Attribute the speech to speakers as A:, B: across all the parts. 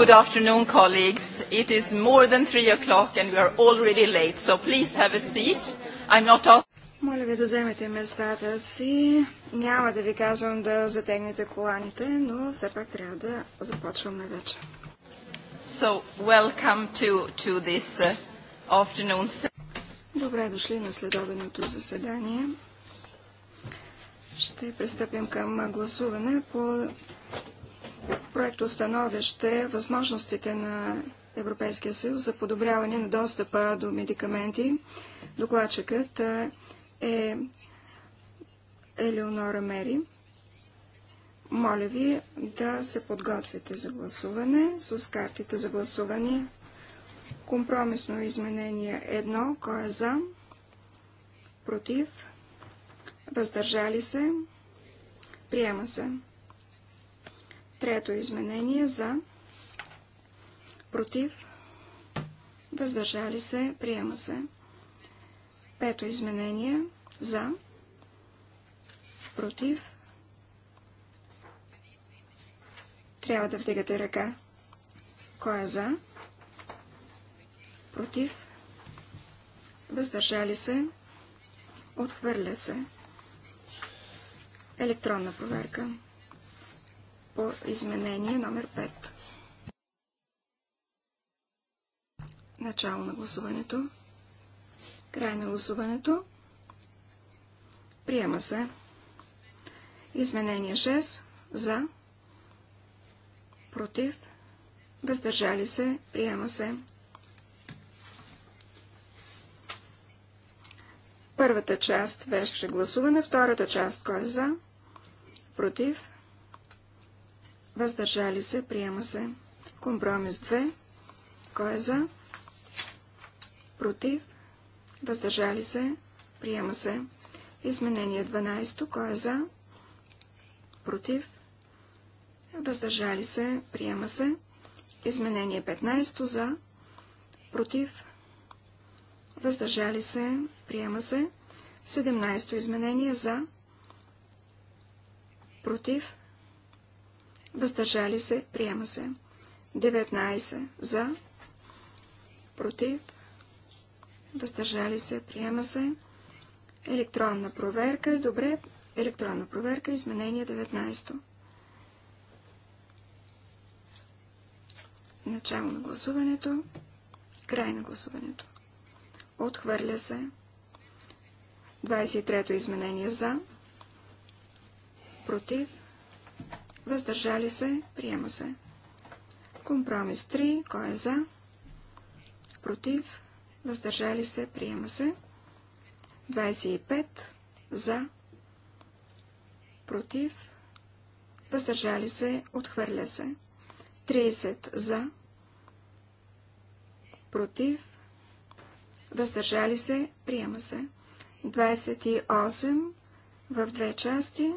A: good afternoon, colleagues. It is more than three o'clock and we are already late, so please have a seat. I'm not asking...
B: Моля ви да вземете местата си. Няма да ви казвам да затегнете коланите, но все пак трябва да започваме вече.
A: So, welcome to, to this uh, afternoon.
B: Добре дошли на следобедното заседание. Ще пристъпим към гласуване по проекто становище възможностите на Европейския съюз за подобряване на достъпа до медикаменти. Докладчикът е Елеонора Мери. Моля ви да се подготвите за гласуване с картите за гласуване. Компромисно изменение 1. Кой е за? Против? Въздържали се? Приема се. Трето изменение за, против, въздържали се, приема се. Пето изменение за, против, трябва да вдигате ръка. Кой е за? Против? Въздържали се? Отхвърля се. Електронна проверка по изменение номер 5. Начало на гласуването. Край на гласуването. Приема се. Изменение 6. За. Против. Въздържали се. Приема се. Първата част беше гласуване, втората част кой е за, против, въздържали се, приема се. Компромис 2, кой е за, против, въздържали се, приема се. Изменение 12, кой е за, против, въздържали се, приема се. Изменение 15 за, против, въздържали се, приема се. 17 изменение за, против, въздържали се, приема се. 19 за, против, въздържали се, приема се. Електронна проверка, добре, електронна проверка, изменение 19. Начало на гласуването, край на гласуването. Отхвърля се. 23-то изменение за, против, въздържали се, приема се. Компромис 3, кой е за, против, въздържали се, приема се. 25, за, против, въздържали се, отхвърля се. 30 за, против, въздържали се, приема се. 28 в две части.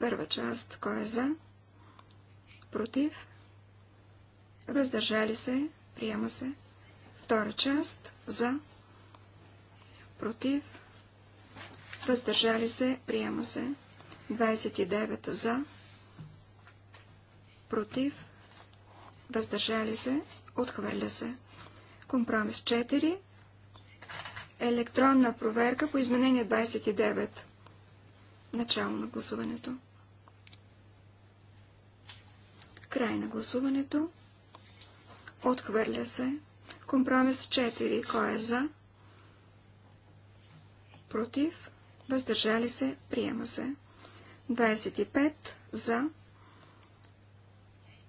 B: Първа част. Кой е за? Против? Въздържали се? Приема се. Втора част. За? Против? Въздържали се? Приема се. 29 за. Против? Въздържали се? Отхвърля се. Компромис 4. Електронна проверка по изменение 29. Начало на гласуването. Край на гласуването. Отхвърля се. Компромис 4. Кой е за? Против. Въздържали се. Приема се. 25. За.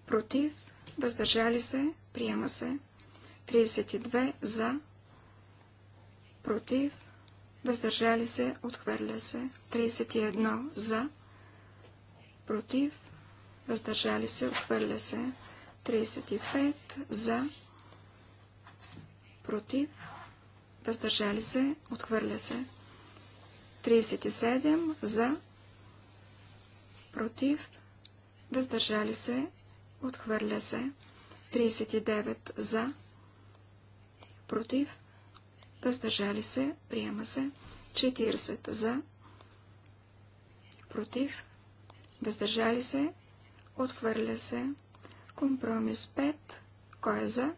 B: Против. Въздържали се. Приема се. 32. За. Против. Въздържали се. Отхвърля се. 31. За. Против въздържали се, отхвърля се. 35 за, против, въздържали се, отхвърля се. 37 за, против, въздържали се, отхвърля се. 39 за, против, въздържали се, приема се. 40 за, против, въздържали се, Отхвърля се. Компромис 5. Кой е за?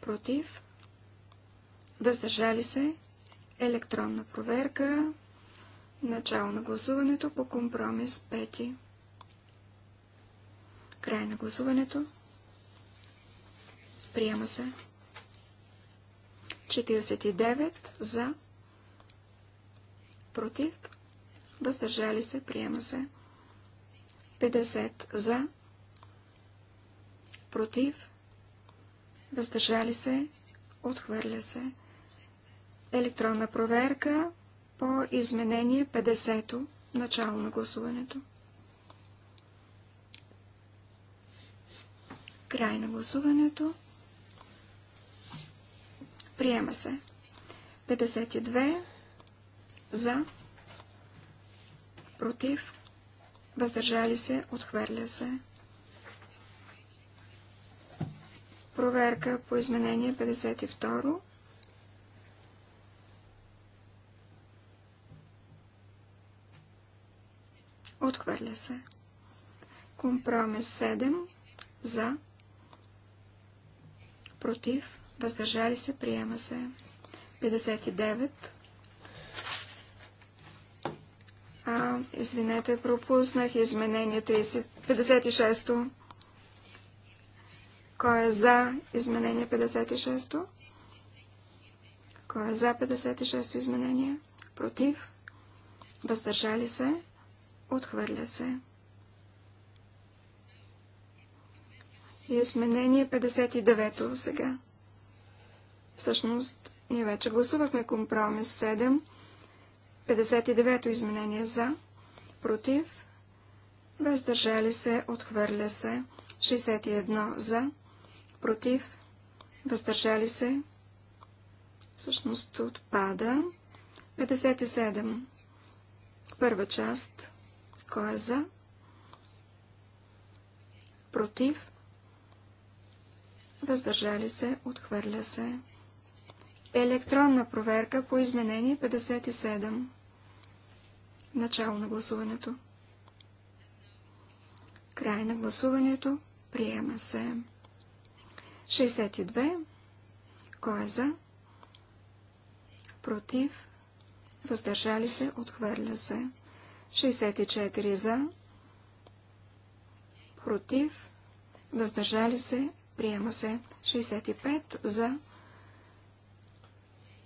B: Против. Въздържали се. Електронна проверка. Начало на гласуването по компромис 5. Край на гласуването. Приема се. 49 за. Против. Въздържали се. Приема се. 50 за, против, въздържали се, отхвърля се. Електронна проверка по изменение 50-то, начало на гласуването. Край на гласуването. Приема се. 52 за, против, въздържали се, отхвърля се. Проверка по изменение 52. Отхвърля се. Компромис 7. За. Против. Въздържали се. Приема се. 59. А, извинете, пропуснах изменение 56-то. Кой е за изменение 56-то? Кой е за 56-то изменение? Против? Въздържали се? Отхвърля се. И Изменение 59-то сега. Всъщност, ние вече гласувахме компромис 7. 59-то изменение за, против, въздържали се, отхвърля се. 61 за, против, въздържали се, всъщност отпада. 57. Първа част. Кой е за? Против. Въздържали се, отхвърля се. Електронна проверка по изменение 57. Начало на гласуването. Край на гласуването. Приема се. 62. Кой е за? Против. Въздържали се. Отхвърля се. 64 за. Против. Въздържали се. Приема се. 65 за.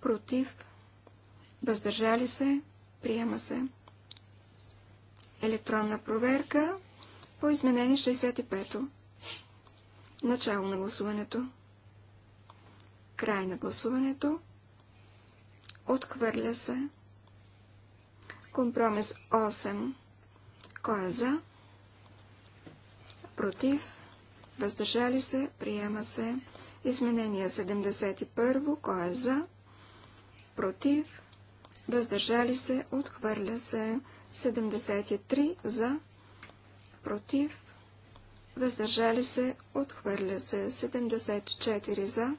B: Против. Въздържали се. Приема се. Електронна проверка по изменение 65-то. Начало на гласуването. Край на гласуването. Отхвърля се. Компромис 8. Кой е за? Против. Въздържали се. Приема се. Изменение 71. Кой е за? Против. Въздържали се. Отхвърля се. 73 за, против, въздържали се, отхвърля се. 74 за,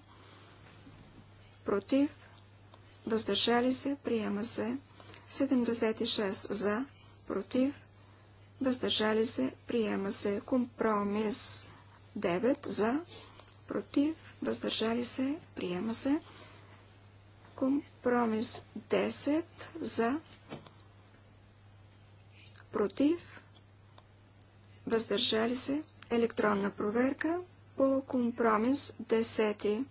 B: против, въздържали се, приема се. 76 за, против, въздържали се, приема се. Компромис 9 за, против, въздържали се, приема се. Компромис 10 за, против, въздържали се, електронна проверка по компромис 10.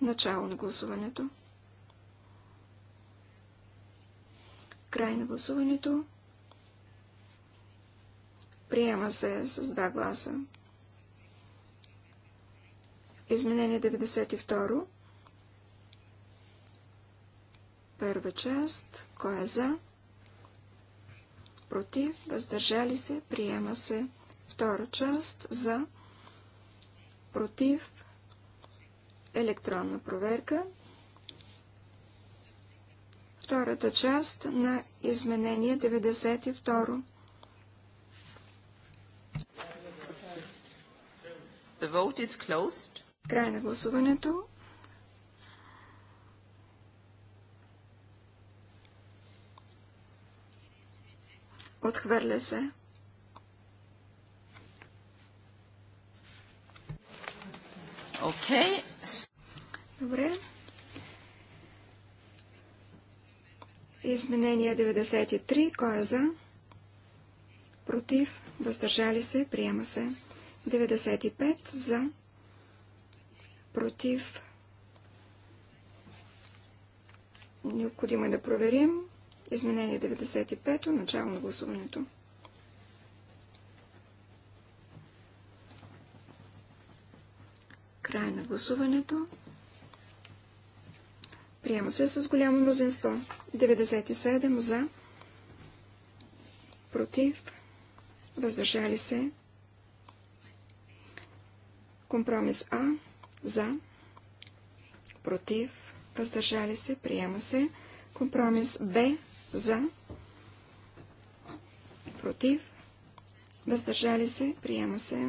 B: Начало на гласуването. Край на гласуването. Приема се с два гласа. Изменение 92. Първа част. Кой е за? против, въздържали се, приема се. Втора част за, против, електронна проверка. Втората част на изменение 92.
A: The vote is closed. Край на гласуването.
B: Отхвърля се. Окей. Okay. Добре. Изменение 93. Кой е за? Против. Въздържали се. Приема се. 95. За. Против. Необходимо е да проверим. Изменение 95, начало на гласуването. Край на гласуването. Приема се с голямо мнозинство. 97 за, против, въздържали се. Компромис А за, против, въздържали се, приема се. Компромис Б за, против, въздържали се, приема се.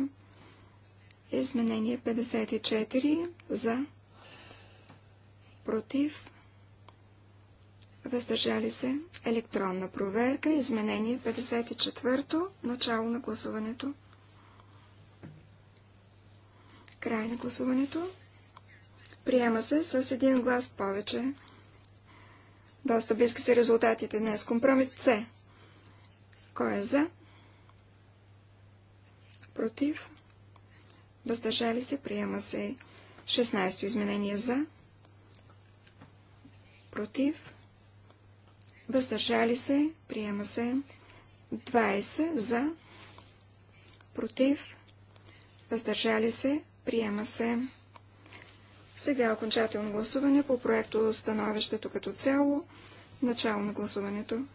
B: Изменение 54 за, против, въздържали се, електронна проверка, изменение 54, начало на гласуването. Край на гласуването. Приема се с един глас повече. Доста близки са резултатите днес. Компромис С. Кой е за? Против? Въздържали се? Приема се 16-то изменение за. Против? Въздържали се? Приема се 20 за. Против? Въздържали се? Приема се сега окончателно гласуване по проекто становището като цяло. Начало на гласуването.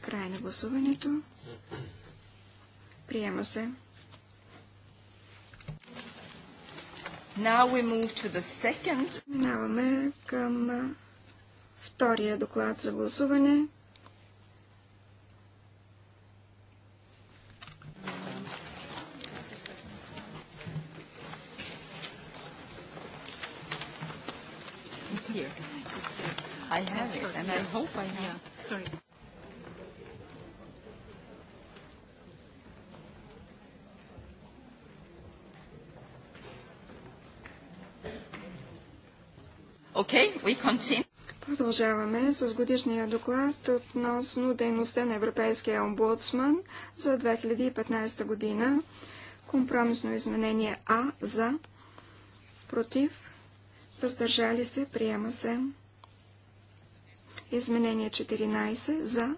B: Край на гласуването. Приема се. Минаваме
A: към
B: втория доклад
A: за гласуване. here.
C: I have it, and I hope I have. Sorry.
A: Okay,
B: we continue. Продължаваме с годишния доклад относно дейността на Европейския омбудсман за 2015 година. Компромисно изменение А за, против, въздържали се, приема се. Изменение 14 за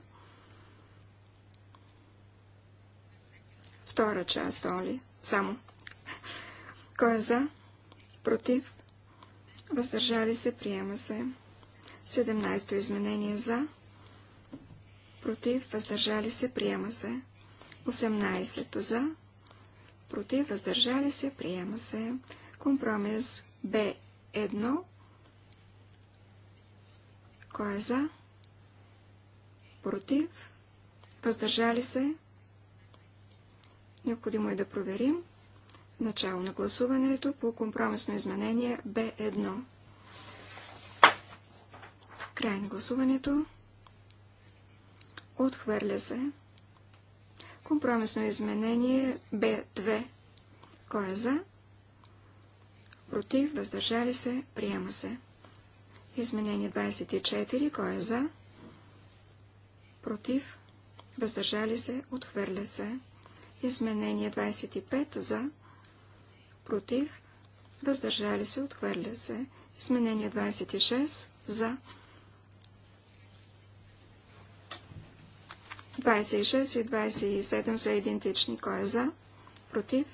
B: втора част, Оли, само. Кой е за? Против? Въздържали се, приема се. 17-то изменение за. Против, въздържали се, приема се. 18 за. Против, въздържали се, приема се. Компромис Б. Едно. Кой е за? Против? Въздържали се? Необходимо е да проверим. Начало на гласуването по компромисно изменение Б1. Край на гласуването. Отхвърля се. Компромисно изменение Б2. Кой е за? против, въздържали се, приема се. Изменение 24, кой е за, против, въздържали се, отхвърля се. Изменение 25, за, против, въздържали се, отхвърля се. Изменение 26, за, 26 и 27 са идентични. Кой е за? Против?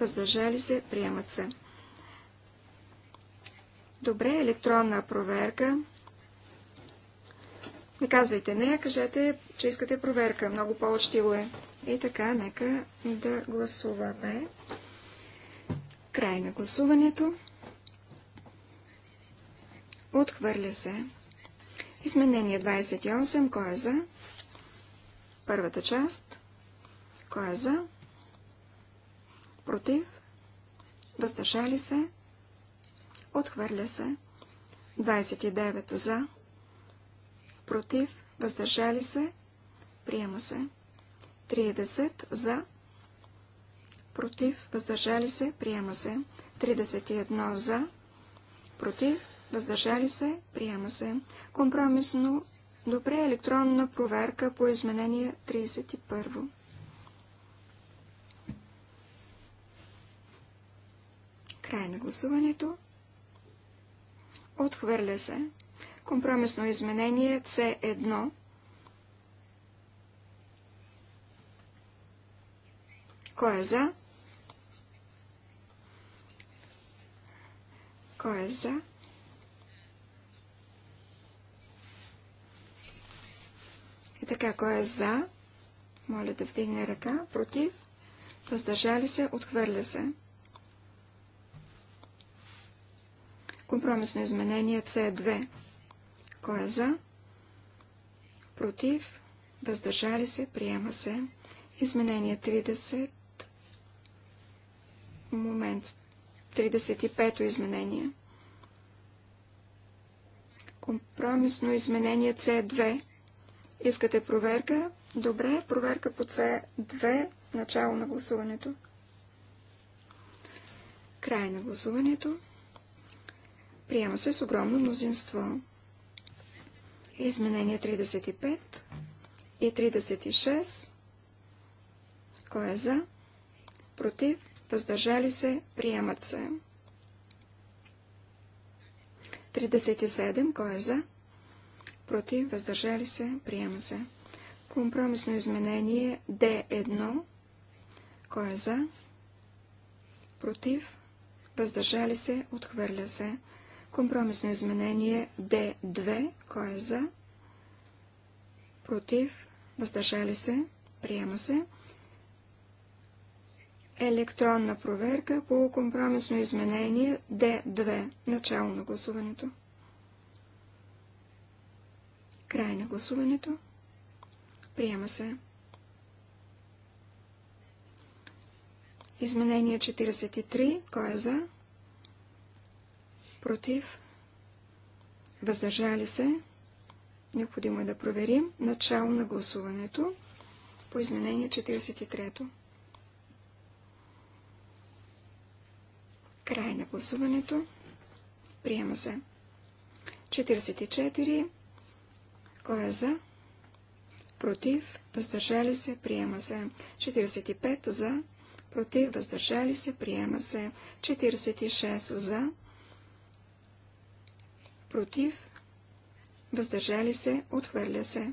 B: Въздържали се? Приемат се. Добре, електронна проверка. Не казвайте не, кажете, че искате проверка. Много по-очтиво е. И така, нека да гласуваме. Край на гласуването. Отхвърля се. Изменение 28. Кой е за? Първата част. Кой е за? Против? Въздържали се? Отхвърля се. 29 за. Против. Въздържали се. Приема се. 30 за. Против. Въздържали се. Приема се. 31 за. Против. Въздържали се. Приема се. Компромисно. Добре електронна проверка по изменение 31. Край на гласуването. Отхвърля се. Компромисно изменение C1. Кой е за? Кой е за? И така, кой е за? Моля да вдигне ръка. Против? Въздържали се? Отхвърля се. Компромисно изменение С2. Кой е за? Против? Въздържали се? Приема се. Изменение 30. Момент. 35-то изменение. Компромисно изменение С2. Искате проверка? Добре, проверка по С2, начало на гласуването. Край на гласуването. Приема се с огромно мнозинство. Изменение 35 и 36. Кой е за? Против? Въздържали се? Приемат се. 37. Кой е за? Против? Въздържали се? Приема се. Компромисно изменение D1. Кой е за? Против? Въздържали се? Отхвърля се. Компромисно изменение д 2 Кой е за? Против. Въздържали се. Приема се. Електронна проверка по компромисно изменение д 2 Начало на гласуването. Край на гласуването. Приема се. Изменение 43. Кой е за? против, въздържали се. Необходимо е да проверим начало на гласуването по изменение 43-то. Край на гласуването. Приема се. 44. Кой е за? Против. Въздържали се. Приема се. 45. За. Против. Въздържали се. Приема се. 46. За против, въздържали се, отхвърля се.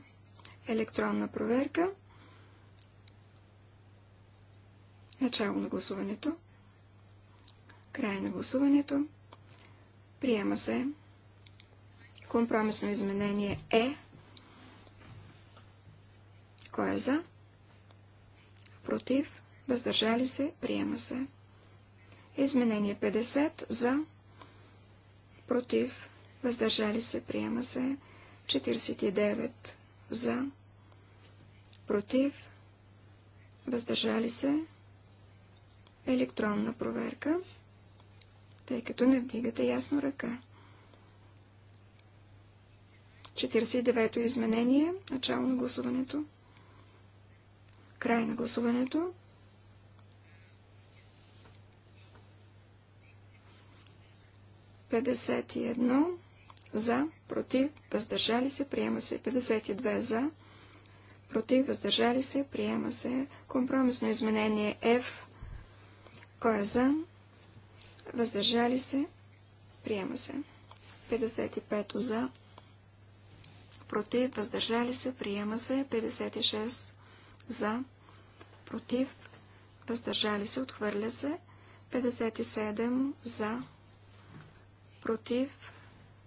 B: Електронна проверка. Начало на гласуването. Край на гласуването. Приема се. Компромисно изменение е. Кой е за? Против. Въздържали се. Приема се. Изменение 50 за. Против въздържали се, приема се 49 за, против, въздържали се, електронна проверка, тъй като не вдигате ясно ръка. 49-то изменение, начало на гласуването, край на гласуването. Пятьдесят и за, против, въздържали се, приема се. 52 за, против, въздържали се, приема се. Компромисно изменение F, кой е за, въздържали се, приема се. 55 за, против, въздържали се, приема се. 56 за, против, въздържали се, отхвърля се. 57 за, против,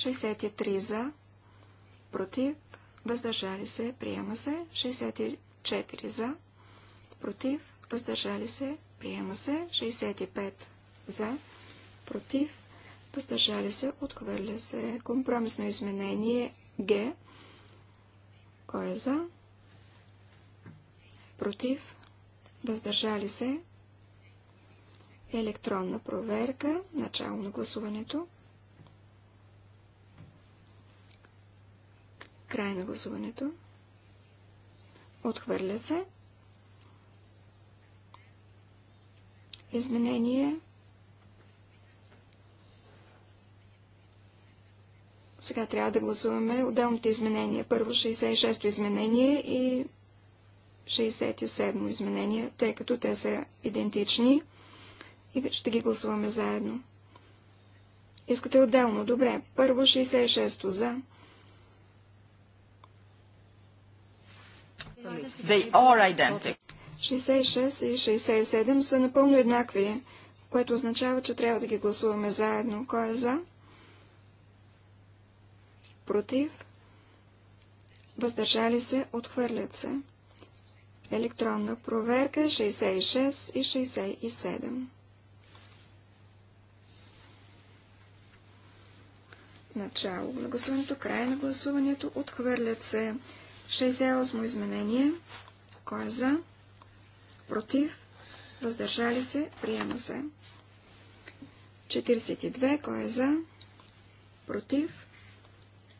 B: 63 за, против, въздържали се, приема се. 64 за, против, въздържали се, приема се. 65 за, против, въздържали се, отхвърля се. Компромисно изменение Г. Кой е за? Против, въздържали се, електронна проверка, начало на гласуването. Край на гласуването. Отхвърля се. Изменение. Сега трябва да гласуваме отделните изменения. Първо 66-то изменение и 67-то изменение, тъй като те са идентични и ще ги гласуваме заедно. Искате отделно? Добре. Първо 66-то за. They are identical. 66 и 67 са напълно еднакви, което означава, че трябва да ги гласуваме заедно. Кой е за? Против? Въздържали се? Отхвърлят се. Електронна проверка 66 и 67. Начало на гласуването, край на гласуването, отхвърлят се 68 изменение. Кой е за? Против? Въздържали се? Приема се. 42. Кой е за? Против?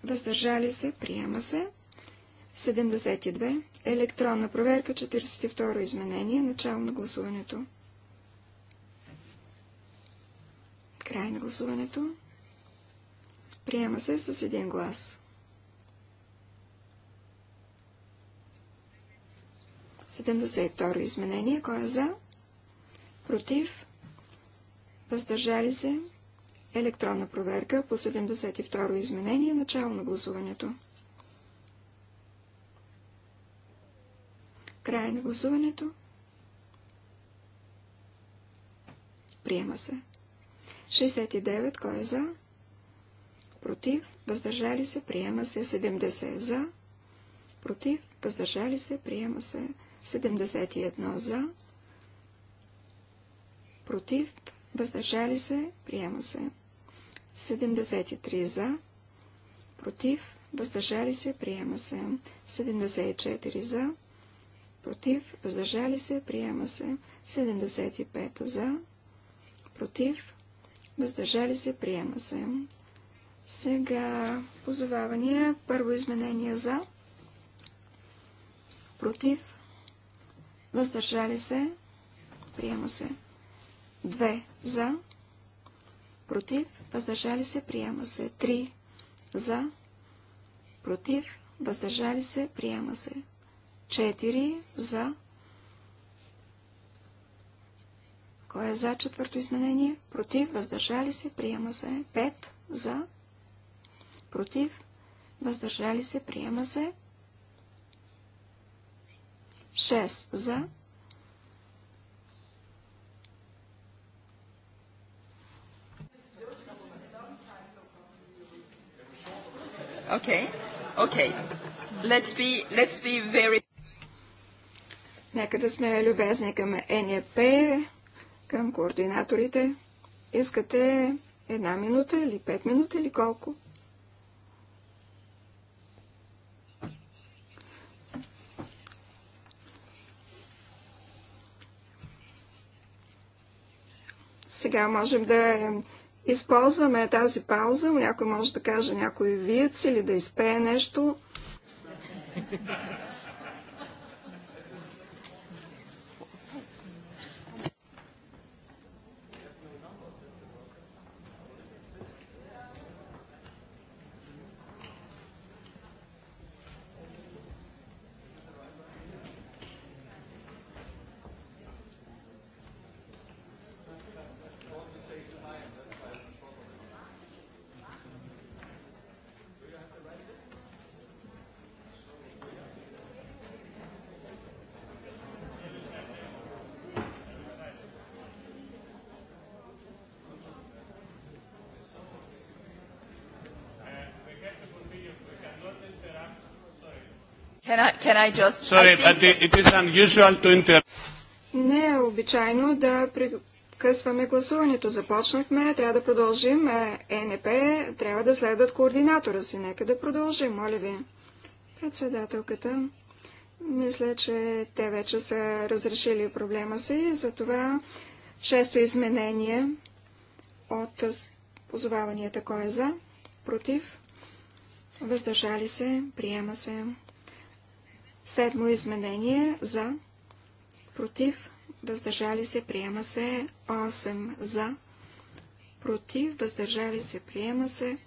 B: Въздържали се? Приема се. 72. Електронна проверка. 42 изменение. Начало на гласуването. Край на гласуването. Приема се с един глас. 72 изменение. Кой е за? Против? Въздържали се? Електронна проверка по 72 изменение. Начало на гласуването. Край на гласуването. Приема се. 69. Кой е за? Против. Въздържали се. Приема се. 70. За. Против. Въздържали се. Приема се. 71 за, против, въздържали се, приема се. 73 за, против, въздържали се, приема се. 74 за, против, въздържали се, приема се. 75 за, против, въздържали се, приема се. Сега позовавания, първо изменение за, против, въздържали се, приема се. 2 за, против, въздържали се, приема се. 3 за, против, въздържали се, приема се. 4 за. Кой е за четвърто изменение? Против, въздържали се, приема се. 5 за, против, въздържали се, приема се. 6 за,
A: Okay. Okay. Let's be, let's be very...
B: Нека да сме любезни към НЕП, към координаторите. Искате една минута или пет минути или колко? Сега можем да използваме тази пауза. Някой може да каже някой виец или да изпее нещо.
A: Can I, can I just... Sorry, I think... but it
B: is unusual to inter... Не е обичайно да прекъсваме гласуването. Започнахме, трябва да продължим. ЕНП е трябва да следват координатора си. Нека да продължим, моля ви. Председателката. Мисля, че те вече са разрешили проблема си. Затова шесто изменение от позоваванията кой е за, против, въздържали се, приема се. Седмо изменение за, против, въздържали се, приема се. 8 за, против, въздържали се, приема се.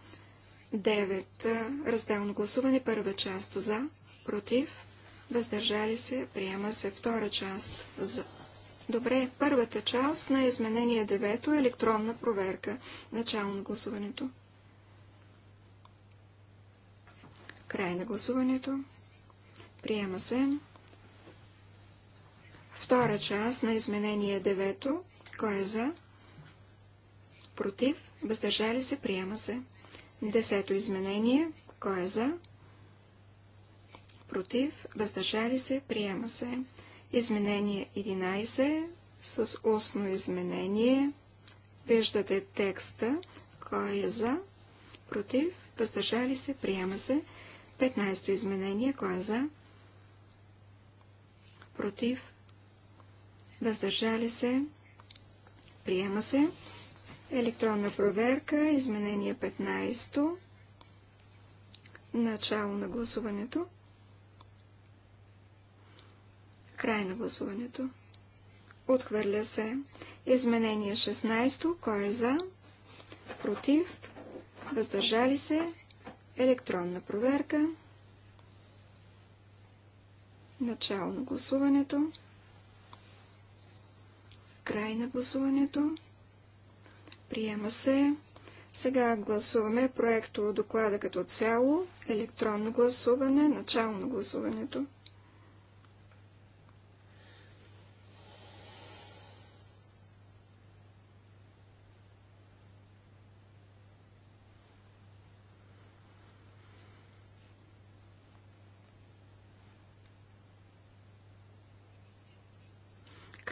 B: 9. Разделно гласуване, първа част за, против, въздържали се, приема се втора част за. Добре, първата част на изменение 9 е електронна проверка. Начало на гласуването. Край на гласуването. Приема се. Втора част на изменение 9. Кой е за? Против. Въздържали се. Приема се. Десето изменение. Кой е за? Против. Въздържали се. Приема се. Изменение 11 с устно изменение. Виждате текста. Кой е за? Против. Въздържали се. Приема се. 15 изменение. Кой е за? против, въздържали се, приема се. Електронна проверка, изменение 15, начало на гласуването, край на гласуването. Отхвърля се. Изменение 16. Кой е за? Против? Въздържали се? Електронна проверка. Начало на гласуването. Край на гласуването. Приема се. Сега гласуваме проекто доклада като цяло. Електронно гласуване. Начало на гласуването.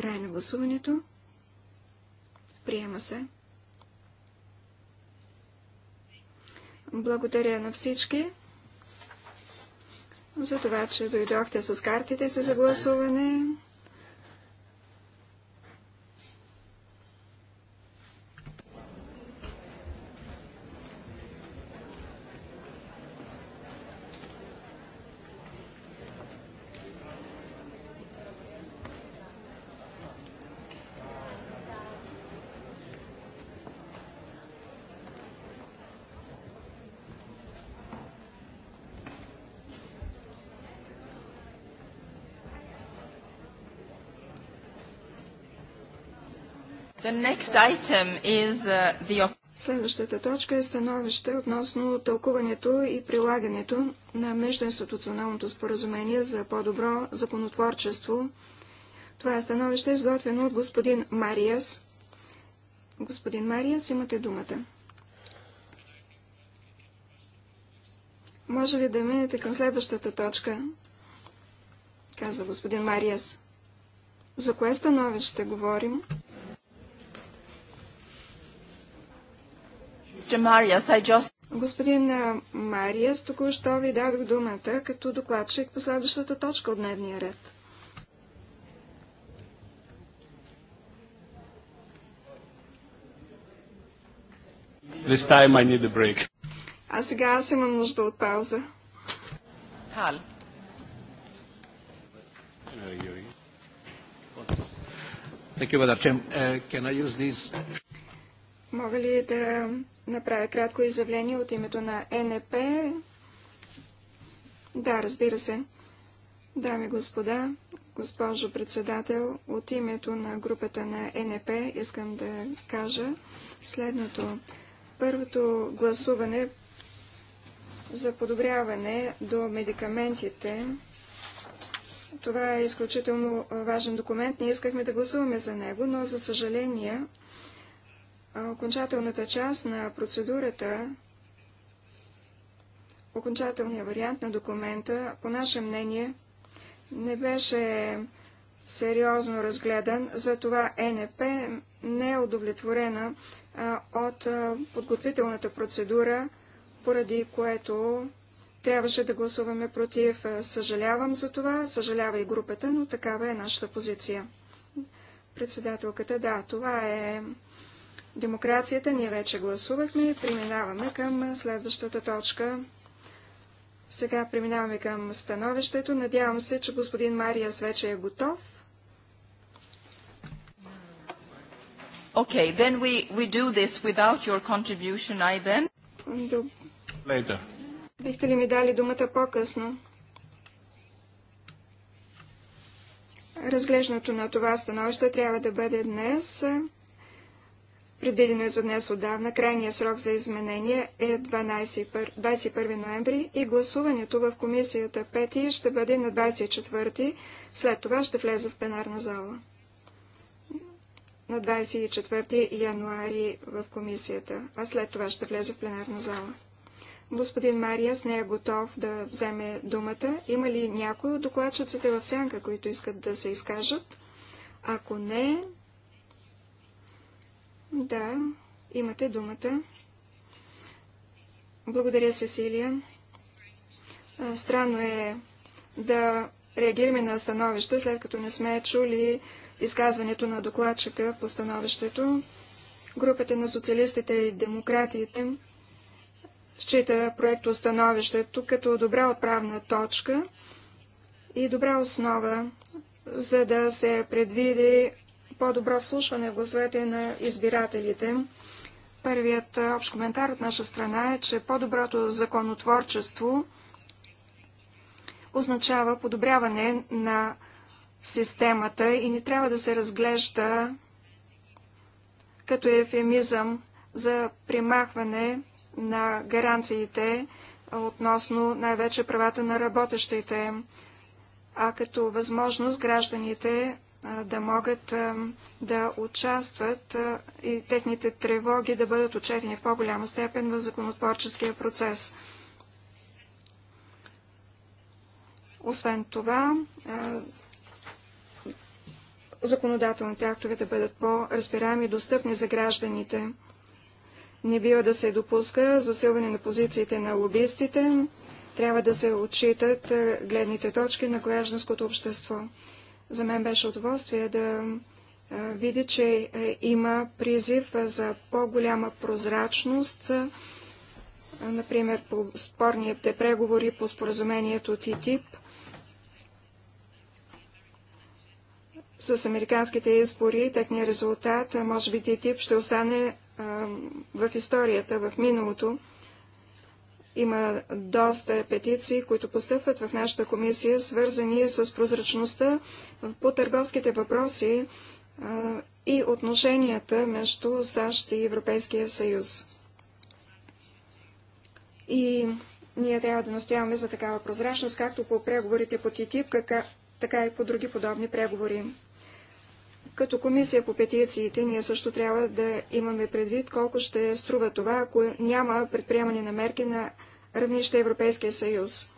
B: Край на гласуването. Приема се. Благодаря на всички за това, че дойдохте с картите си за гласуване.
A: Uh,
B: следващата точка е становище относно тълкуването и прилагането на междуинституционалното споразумение за по-добро законотворчество. Това е становище изготвено от господин Мариас. Господин Мариас, имате думата. Може ли да минете към следващата точка? Казва господин Мариас. За кое становище говорим? Mr. I Just... Господин Мариас, току-що ви дадох думата като докладчик по следващата точка от дневния ред.
C: This time I need a break.
B: А сега аз имам нужда от пауза.
A: Хал.
C: Thank you, Madam Chair. Uh, can I use these?
B: Мога ли да направя кратко изявление от името на НП? Да, разбира се. Дами и господа, госпожо председател, от името на групата на НП искам да кажа следното. Първото гласуване за подобряване до медикаментите. Това е изключително важен документ. Не искахме да гласуваме за него, но за съжаление окончателната част на процедурата, окончателният вариант на документа, по наше мнение, не беше сериозно разгледан, затова ЕНП не е удовлетворена от подготвителната процедура, поради което трябваше да гласуваме против. Съжалявам за това, съжалява и групата, но такава е нашата позиция. Председателката, да, това е демокрацията ние вече гласувахме и преминаваме към следващата точка. Сега преминаваме към становището. Надявам се, че господин Мариас вече е готов.
A: Okay, then we, we do this without your contribution, I then.
D: Later.
B: Бихте ли ми дали думата по-късно? Разглеждането на това становище трябва да бъде днес предвидено е за днес отдавна. Крайният срок за изменение е 12, 21 ноември и гласуването в комисията 5 ще бъде на 24. След това ще влезе в пленарна зала. На 24 януари в комисията, а след това ще влезе в пленарна зала. Господин Мариас не е готов да вземе думата. Има ли някой от докладчиците в сянка, които искат да се изкажат? Ако не, да, имате думата. Благодаря, Сесилия. Странно е да реагираме на становище, след като не сме чули изказването на докладчика по становището. Групата на социалистите и демократите счита проекто становището като добра отправна точка и добра основа, за да се предвиди по-добро вслушване в гласовете на избирателите. Първият общ коментар от наша страна е, че по-доброто законотворчество означава подобряване на системата и не трябва да се разглежда като ефемизъм за примахване на гаранциите относно най-вече правата на работещите, а като възможност гражданите да могат да участват и техните тревоги да бъдат отчетени в по-голяма степен в законотворческия процес. Освен това, законодателните актове да бъдат по-разбираеми и достъпни за гражданите. Не бива да се допуска засилване на позициите на лобистите, трябва да се отчитат гледните точки на гражданското общество. За мен беше удоволствие да видя, че има призив за по-голяма прозрачност, например по спорните преговори по споразумението ТИТИП. С американските избори, техния резултат, може би ТИТИП ще остане в историята, в миналото. Има доста петиции, които постъпват в нашата комисия, свързани с прозрачността по търговските въпроси и отношенията между САЩ и Европейския съюз. И ние трябва да настояваме за такава прозрачност, както по преговорите по ТТИП, така и по други подобни преговори. Като комисия по петициите, ние също трябва да имаме предвид колко ще струва това, ако няма предприемане на мерки на равнище Европейския съюз.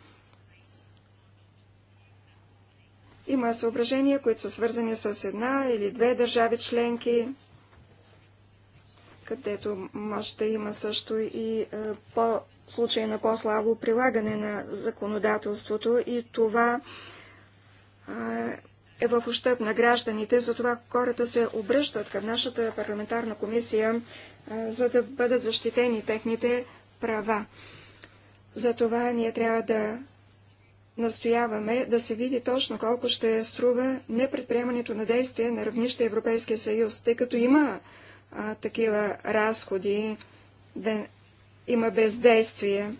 B: Има съображения, които са свързани с една или две държави членки, където може да има също и е, по случай на по-слабо прилагане на законодателството и това е, е в ущърп на гражданите, затова хората се обръщат към нашата парламентарна комисия, е, за да бъдат защитени техните права. Затова ние трябва да настояваме да се види точно колко ще струва непредприемането на действие на равнище Европейския съюз, тъй като има а, такива разходи, да има бездействие,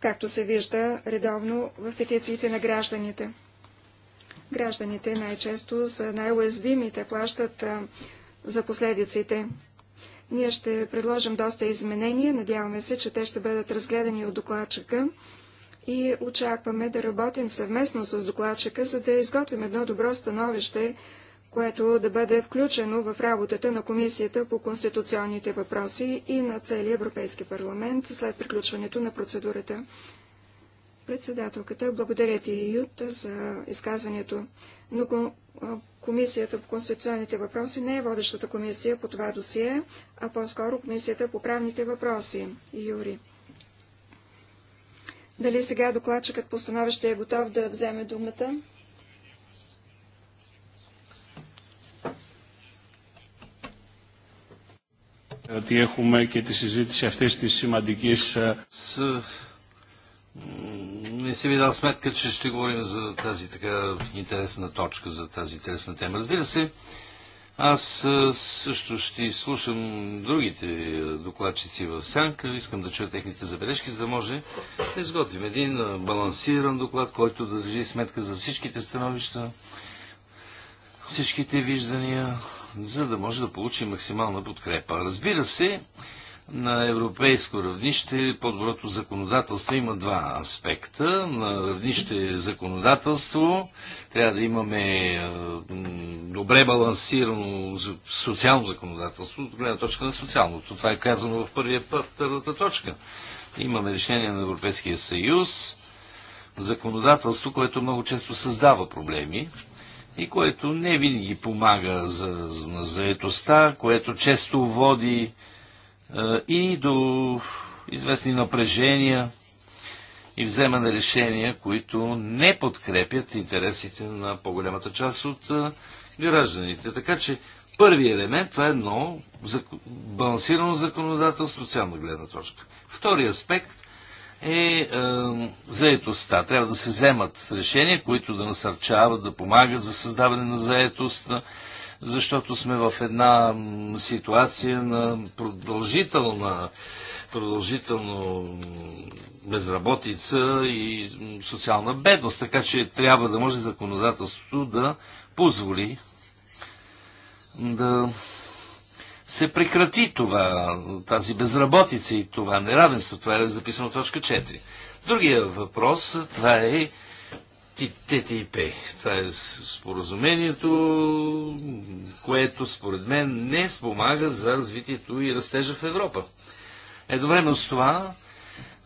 B: както се вижда редовно в петициите на гражданите. Гражданите най-често са най уязвимите плащат а, за последиците. Ние ще предложим доста изменения, надяваме се, че те ще бъдат разгледани от докладчика и очакваме да работим съвместно с докладчика, за да изготвим едно добро становище, което да бъде включено в работата на Комисията по конституционните въпроси и на целия Европейски парламент след приключването на процедурата. Председателката, благодаря ти, Ют, за изказването. Но Комисията по конституционните въпроси не е водещата комисия по това досие, а по-скоро Комисията по правните въпроси. Юри. Дали сега докладчикът по становище е готов да вземе думата?
C: ότι έχουμε και τη συζήτηση αυτής της σημαντικής... Не си ви дал сметка, че ще говорим за тази така интересна точка, за тази интересна тема. Разбира се, аз също ще слушам другите докладчици в сянка. Искам да чуя техните забележки, за да може да изготвим един балансиран доклад, който да държи сметка за всичките становища, всичките виждания, за да може да получи максимална подкрепа. Разбира се, на европейско равнище по-доброто законодателство има два аспекта. На равнище законодателство трябва да имаме добре балансирано социално законодателство от гледна точка на социалното. Това е казано в първия път, първата точка. Имаме решение на Европейския съюз, законодателство, което много често създава проблеми и което не винаги помага за, за заетостта, което често води е, и до известни напрежения и вземане решения, които не подкрепят интересите на по-голямата част от е, гражданите. Така че първият елемент това е едно балансирано законодателство от цялна гледна точка. Втори аспект е, е заетостта. Трябва да се вземат решения, които да насърчават, да помагат за създаване на заетостта защото сме в една ситуация на продължителна, продължително безработица и социална бедност, така че трябва да може законодателството да позволи да се прекрати това, тази безработица и това неравенство. Това е записано в точка 4. Другия въпрос, това е ТТИП. Това е споразумението, което според мен не спомага за развитието и растежа в Европа. Едновременно с това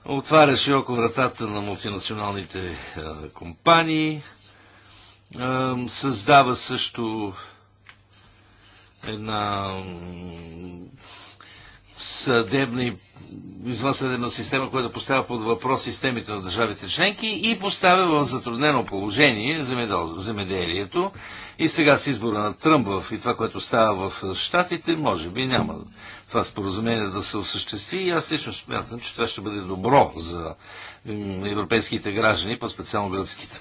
C: отваря широко вратата на мултинационалните а, компании, а, създава също една съдебна извънсъдебна система, която поставя под въпрос системите на държавите членки и поставя в затруднено положение земеделието. И сега с избора на Тръмп и това, което става в Штатите, може би няма това споразумение да се осъществи. И аз лично смятам, че това ще бъде добро за европейските граждани, по-специално гръцките.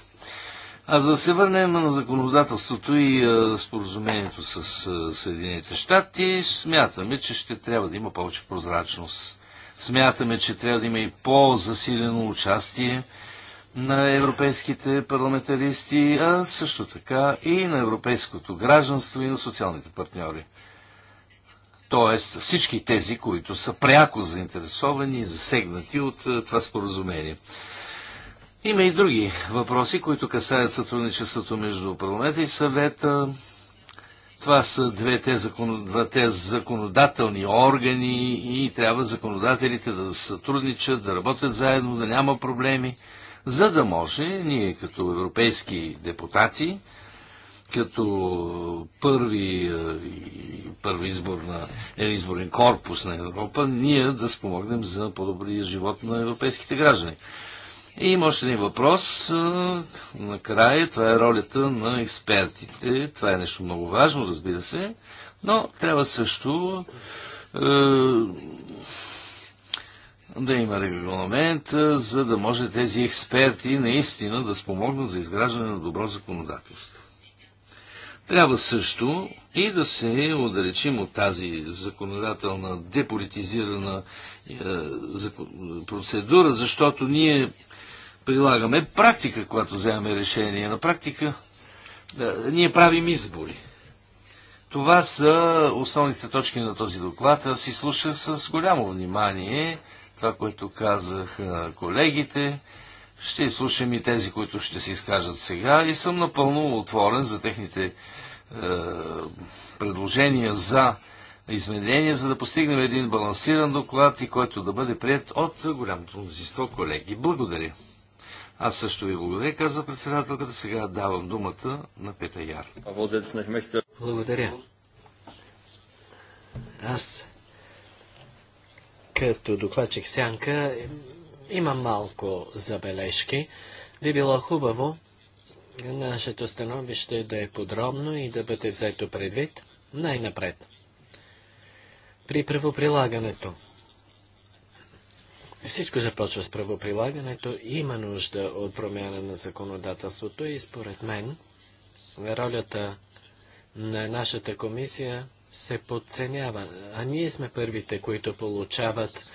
C: А за да се върнем на законодателството и а, споразумението с а, Съединените щати, смятаме, че ще трябва да има повече прозрачност. Смятаме, че трябва да има и по-засилено участие на европейските парламентаристи, а също така и на европейското гражданство и на социалните партньори. Тоест всички тези, които са пряко заинтересовани и засегнати от а, това споразумение. Има и други въпроси, които касаят сътрудничеството между парламента и съвета. Това са двете, закон... двете законодателни органи и трябва законодателите да сътрудничат, да работят заедно, да няма проблеми, за да може ние като европейски депутати, като първи, е, първи избор на, е, изборен корпус на Европа, ние да спомогнем за по-добрия живот на европейските граждани. И има още един въпрос. Накрая, това е ролята на експертите. Това е нещо много важно, разбира се, но трябва също е, да има регламент, за да може тези експерти наистина да спомогнат за изграждане на добро законодателство. Трябва също и да се отдалечим от тази законодателна, деполитизирана е, закон, процедура, защото ние прилагаме практика, когато вземаме решение. На практика да, е, ние правим избори. Това са основните точки на този доклад. Аз си слушах с голямо внимание това, което казах е, колегите. Ще изслушам и тези, които ще се изкажат сега и съм напълно отворен за техните е, предложения за изменения, за да постигнем един балансиран доклад и който да бъде прият от голямото мнозинство колеги. Благодаря. Аз също ви благодаря, казва председателката. Сега давам думата на Петър Яр. Благодаря.
D: Аз като докладчик Сянка имам малко забележки. Би било хубаво нашето становище да е подробно и да бъде взето предвид най-напред. При правоприлагането. Всичко започва с правоприлагането. Има нужда от промяна на законодателството и според мен ролята на нашата комисия се подценява. А ние сме първите, които получават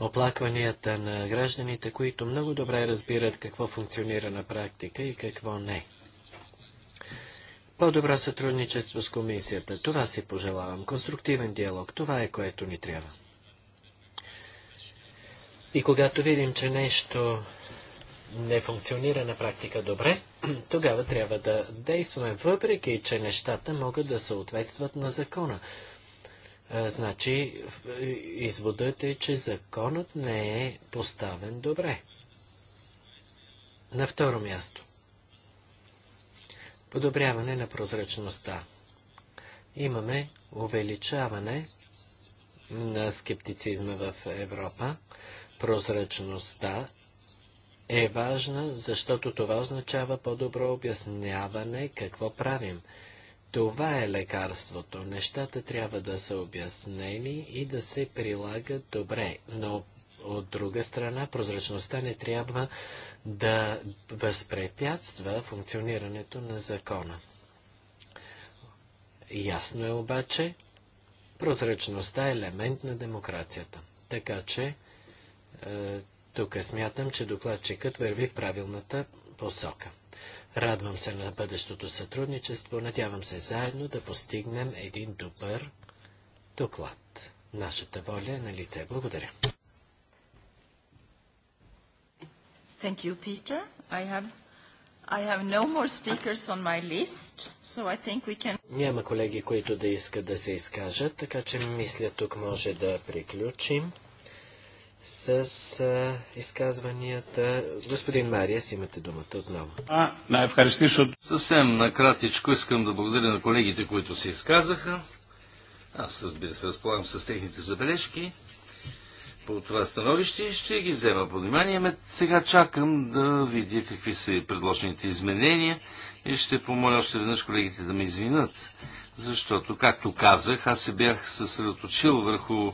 D: оплакванията на гражданите, които много добре разбират какво функционира на практика и какво не. По-добро сътрудничество с комисията. Това си пожелавам. Конструктивен диалог. Това е което ни трябва. И когато видим, че нещо не функционира на практика добре, тогава трябва да действаме, въпреки че нещата могат да съответстват на закона. А, значи, изводът е, че законът не е поставен добре. На второ място. Подобряване на прозрачността. Имаме увеличаване на скептицизма в Европа. Прозрачността е важна, защото това означава по-добро обясняване какво правим. Това е лекарството. Нещата трябва да са обяснени и да се прилагат добре, но от друга страна, прозрачността не трябва да възпрепятства функционирането на закона. Ясно е обаче, прозрачността е елемент на демокрацията. Така че, е, тук смятам, че докладчикът върви в правилната посока. Радвам се на бъдещото сътрудничество, надявам се заедно да постигнем един добър доклад. Нашата воля е на лице. Благодаря.
A: Thank you, Peter. I have, I have no more speakers on my list, so I think we can...
D: Няма колеги, които да искат да се изкажат, така че мисля тук може да приключим с а, изказванията. Господин Мариас, имате думата отново. А,
C: най от... Съвсем накратичко искам да благодаря на колегите, които се изказаха. Аз разбира се разполагам с техните забележки по това становище и ще ги взема под внимание. Сега чакам да видя какви са предложените изменения и ще помоля още веднъж колегите да ме извинят, защото, както казах, аз се бях съсредоточил върху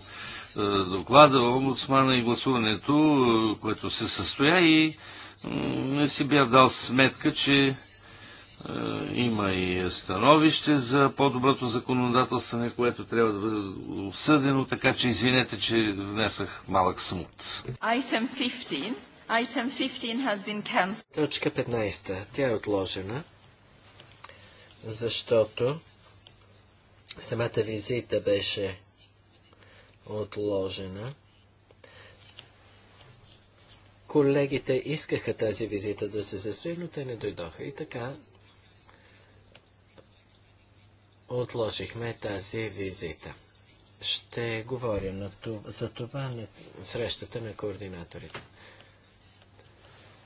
C: е, доклада, омбудсмана и гласуването, е, което се състоя и не си бях дал сметка, че е, има и становище за по-доброто законодателстване, което трябва да бъде обсъдено, така че извинете, че внесах малък смут.
A: Item 15. Item 15 has been
D: Точка 15. Тя е отложена, защото самата визита беше отложена. Колегите искаха тази визита да се състои, но те не дойдоха. И така отложихме тази визита. Ще говоря на това, за това на срещата на координаторите.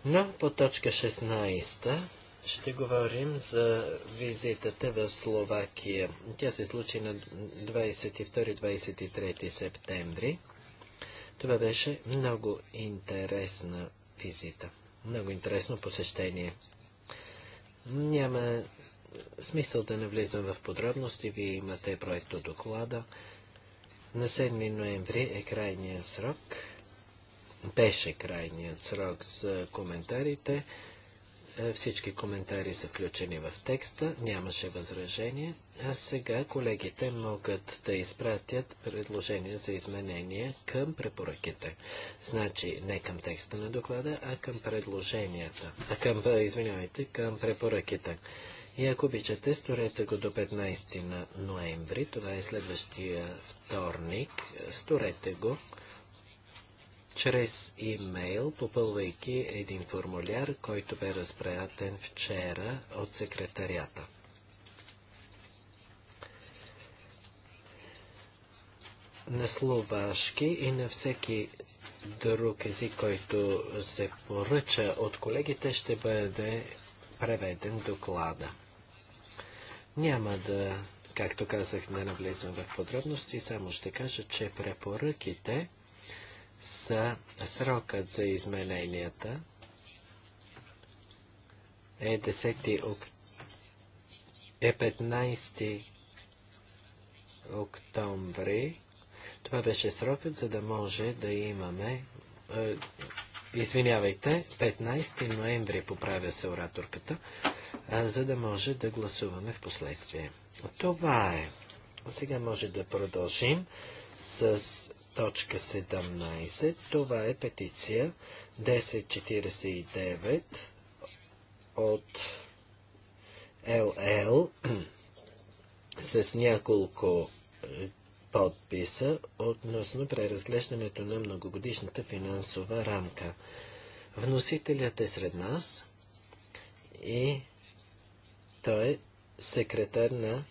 D: Но по точка 16 ще говорим за визитата в Словакия. Тя се случи на 22-23 септември. Това беше много интересна визита. Много интересно посещение. Няма смисъл да не влизам в подробности. Вие имате проекто доклада. На 7 ноември е крайният срок. Беше крайният срок за коментарите. Е, всички коментари са включени в текста, нямаше възражение, а сега колегите могат да изпратят предложения за изменения към препоръките. Значи не към текста на доклада, а към предложенията, а към, извинявайте, към препоръките. И ако обичате, сторете го до 15 на ноември, това е следващия вторник, сторете го чрез имейл, попълвайки един формуляр, който бе разпратен вчера от секретарията. На словашки и на всеки друг език, който се поръча от колегите, ще бъде преведен доклада. Няма да, както казах, не навлизам в подробности, само ще кажа, че препоръките са срокът за измененията е 10 е 15 октомври. Това беше срокът, за да може да имаме е, извинявайте, 15 ноември поправя се ораторката, е, за да може да гласуваме в последствие. Това е. Сега може да продължим с точка 17. Това е петиция 1049 от ЛЛ с няколко подписа относно преразглеждането на многогодишната финансова рамка. Вносителят е сред нас и той е секретар на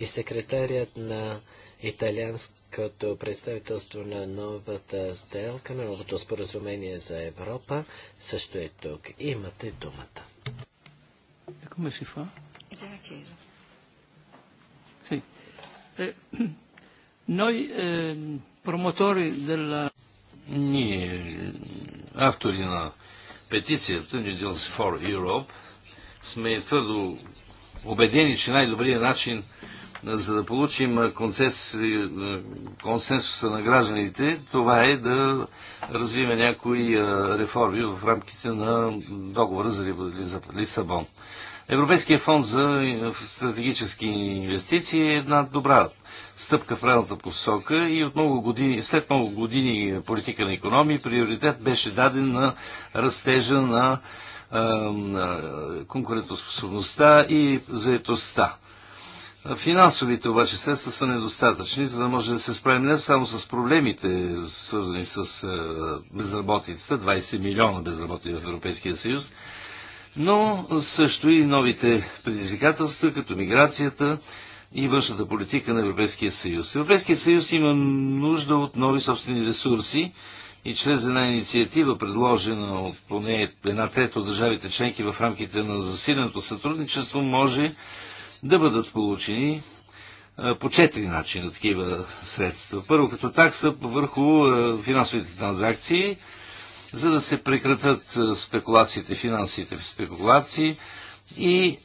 D: и секретарият на италианското представителство на новата сделка, на новото споразумение за Европа, също е тук. Имате думата.
A: Е, come si fa? Ed era acceso.
D: Sì. Eh, noi eh, promotori della...
C: Ние, автори на петицията New Deals for Europe, сме твърдо убедени, че най-добрият начин за да получим консенсуса на гражданите, това е да развиме някои реформи в рамките на договора за Лисабон. Европейския фонд за стратегически инвестиции е една добра стъпка в правилната посока и от много години, след много години политика на економии приоритет беше даден на растежа на, на конкурентоспособността и заетостта. Финансовите обаче средства са недостатъчни, за да може да се справим не само с проблемите, свързани с е, безработицата, 20 милиона безработи в Европейския съюз, но също и новите предизвикателства, като миграцията и външната политика на Европейския съюз. Европейския съюз има нужда от нови собствени ресурси и чрез една инициатива, предложена от поне една трета от държавите членки в рамките на засиленото сътрудничество, може да бъдат получени по четири начина такива средства. Първо като такса върху финансовите транзакции, за да се прекратат спекулациите, финансите в спекулации и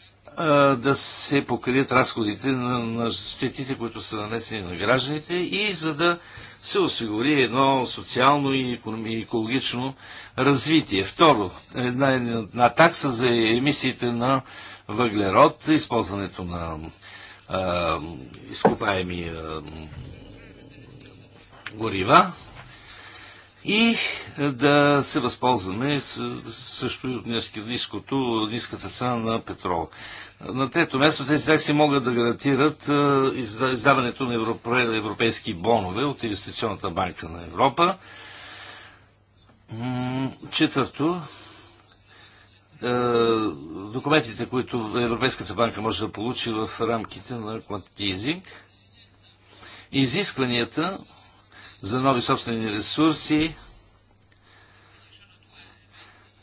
C: да се покрият разходите на, на щетите, които са нанесени на гражданите и за да се осигури едно социално и екологично развитие. Второ, една, една такса за емисиите на въглерод, използването на а, изкопаеми а, горива и да се възползваме също и от ниското, ниската цена на петрола. На трето място тези такси могат да гарантират издаването на европейски бонове от Инвестиционната банка на Европа. Четвърто, е, документите, които Европейската банка може да получи в рамките на квантизинг, изискванията за нови собствени ресурси.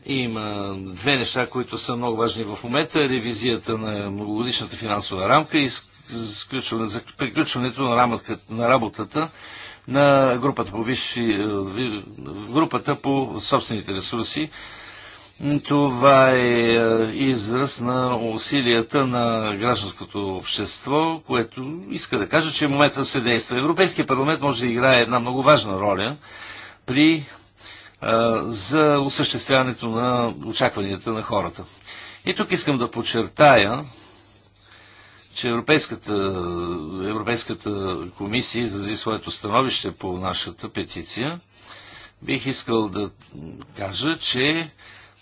C: Има две неща, които са много важни в момента. Ревизията на многогодишната финансова рамка и за приключването на, на работата на групата по, висши, е, групата по собствените ресурси това е, е израз на усилията на гражданското общество, което иска да каже, че в момента се действа. Европейския парламент може да играе една много важна роля при, а, е, за осъществяването на очакванията на хората. И тук искам да подчертая, че Европейската, Европейската комисия изрази своето становище по нашата петиция. Бих искал да кажа, че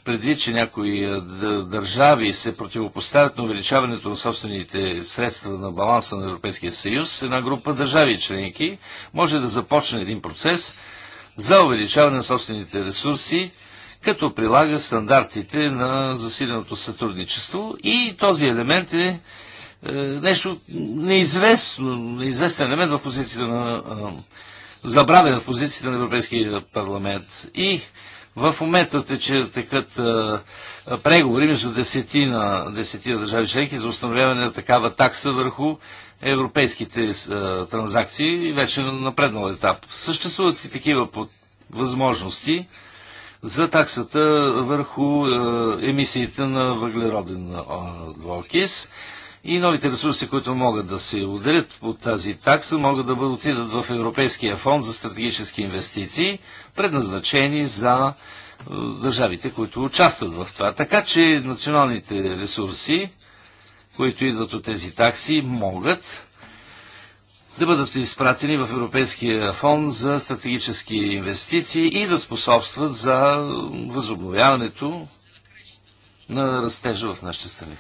C: предвид, че някои е, държави се противопоставят на увеличаването на собствените средства на баланса на Европейския съюз, една група държави и членки може да започне един процес за увеличаване на собствените ресурси, като прилага стандартите на засиленото сътрудничество. И този елемент е, е нещо неизвестно, неизвестен елемент в позицията на е, забравен в позицията на Европейския парламент. И в момента тече такът преговори между десетина, десетина държави членки за установяване на такава такса върху европейските а, транзакции и вече на напреднал етап. Съществуват и такива възможности за таксата върху а, емисиите на въглероден двуокис и новите ресурси, които могат да се ударят от тази такса, могат да бъдат отидат в Европейския фонд за стратегически инвестиции, предназначени за е, държавите, които участват в това. Така че националните ресурси, които идват от тези такси, могат да бъдат изпратени в Европейския фонд за стратегически инвестиции и да способстват за възобновяването на растежа в нашите страни.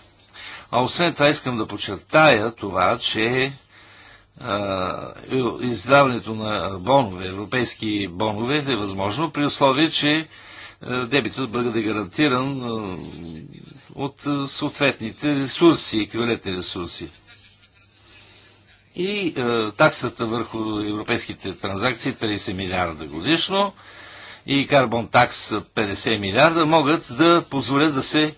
C: А освен това искам да подчертая това, че издаването на бонове, европейски бонове е възможно при условие, че дебитът бъде гарантиран от съответните ресурси, еквивалентни ресурси. И е, таксата върху европейските транзакции 30 е милиарда годишно и карбон такс 50 милиарда могат да позволят да се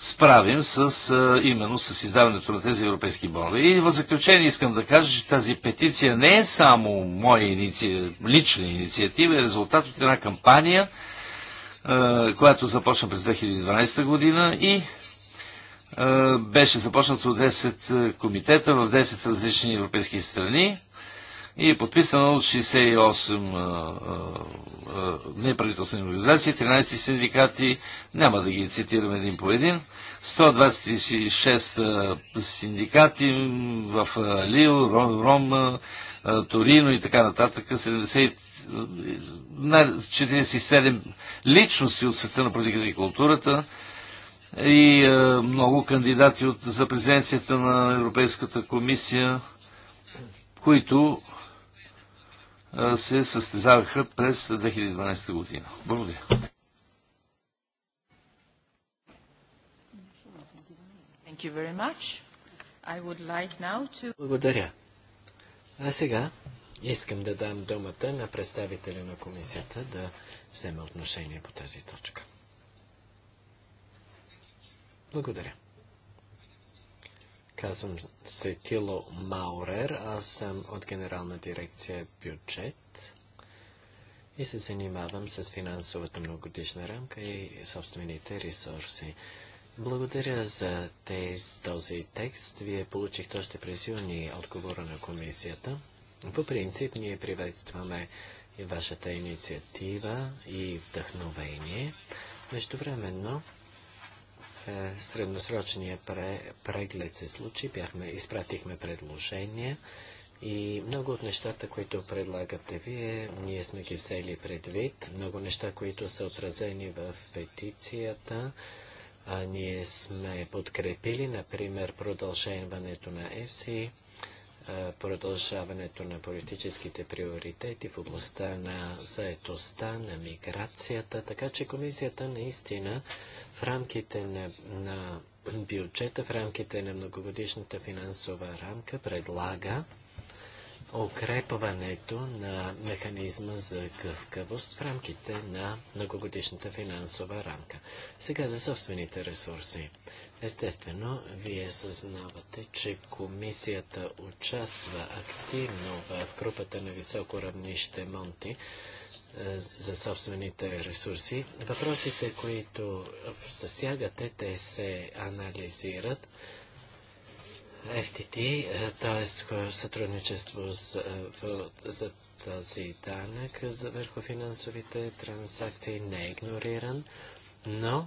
C: справим с, а, именно с издаването на тези европейски бонове. И в заключение искам да кажа, че тази петиция не е само моя иници... лична инициатива, е резултат от една кампания, а, която започна през 2012 година и беше започнато 10 комитета в 10 различни европейски страни и е подписано от 68 неправителствени организации, 13 синдикати, няма да ги цитирам един по един, 126 синдикати в Лил, Ром, Торино и така нататък, 47 личности от света на политиката и културата, и много кандидати за президенцията на Европейската комисия, които се състезаваха през 2012 година. Благодаря.
D: Благодаря. А сега искам да дам думата на представителя на комисията да вземе отношение по тази точка. Благодаря. Казвам се Тило Маурер, аз съм от Генерална дирекция бюджет и се занимавам с финансовата многогодишна рамка и собствените ресурси. Благодаря за тез, този текст. Вие получихте още през юни отговора на комисията. По принцип ние приветстваме и вашата инициатива и вдъхновение. Междувременно, е, средносрочния преглед се случи, бяхме, изпратихме предложения и много от нещата, които предлагате вие, ние сме ги взели предвид. Много неща, които са отразени в петицията, а ние сме подкрепили, например, продължаването на ЕФСИ продължаването на политическите приоритети в областта на заетостта, на миграцията, така че комисията наистина в рамките на, на бюджета, в рамките на многогодишната финансова рамка предлага укрепването на механизма за гъвкавост в рамките на многогодишната финансова рамка. Сега за собствените ресурси. Естествено, вие съзнавате, че комисията участва активно в групата на високо равнище Монти е, за собствените ресурси. Въпросите, които засягате, те се анализират FTT, е, т.е. сътрудничество с, е, за този данък за върху финансовите транзакции не е игнориран, но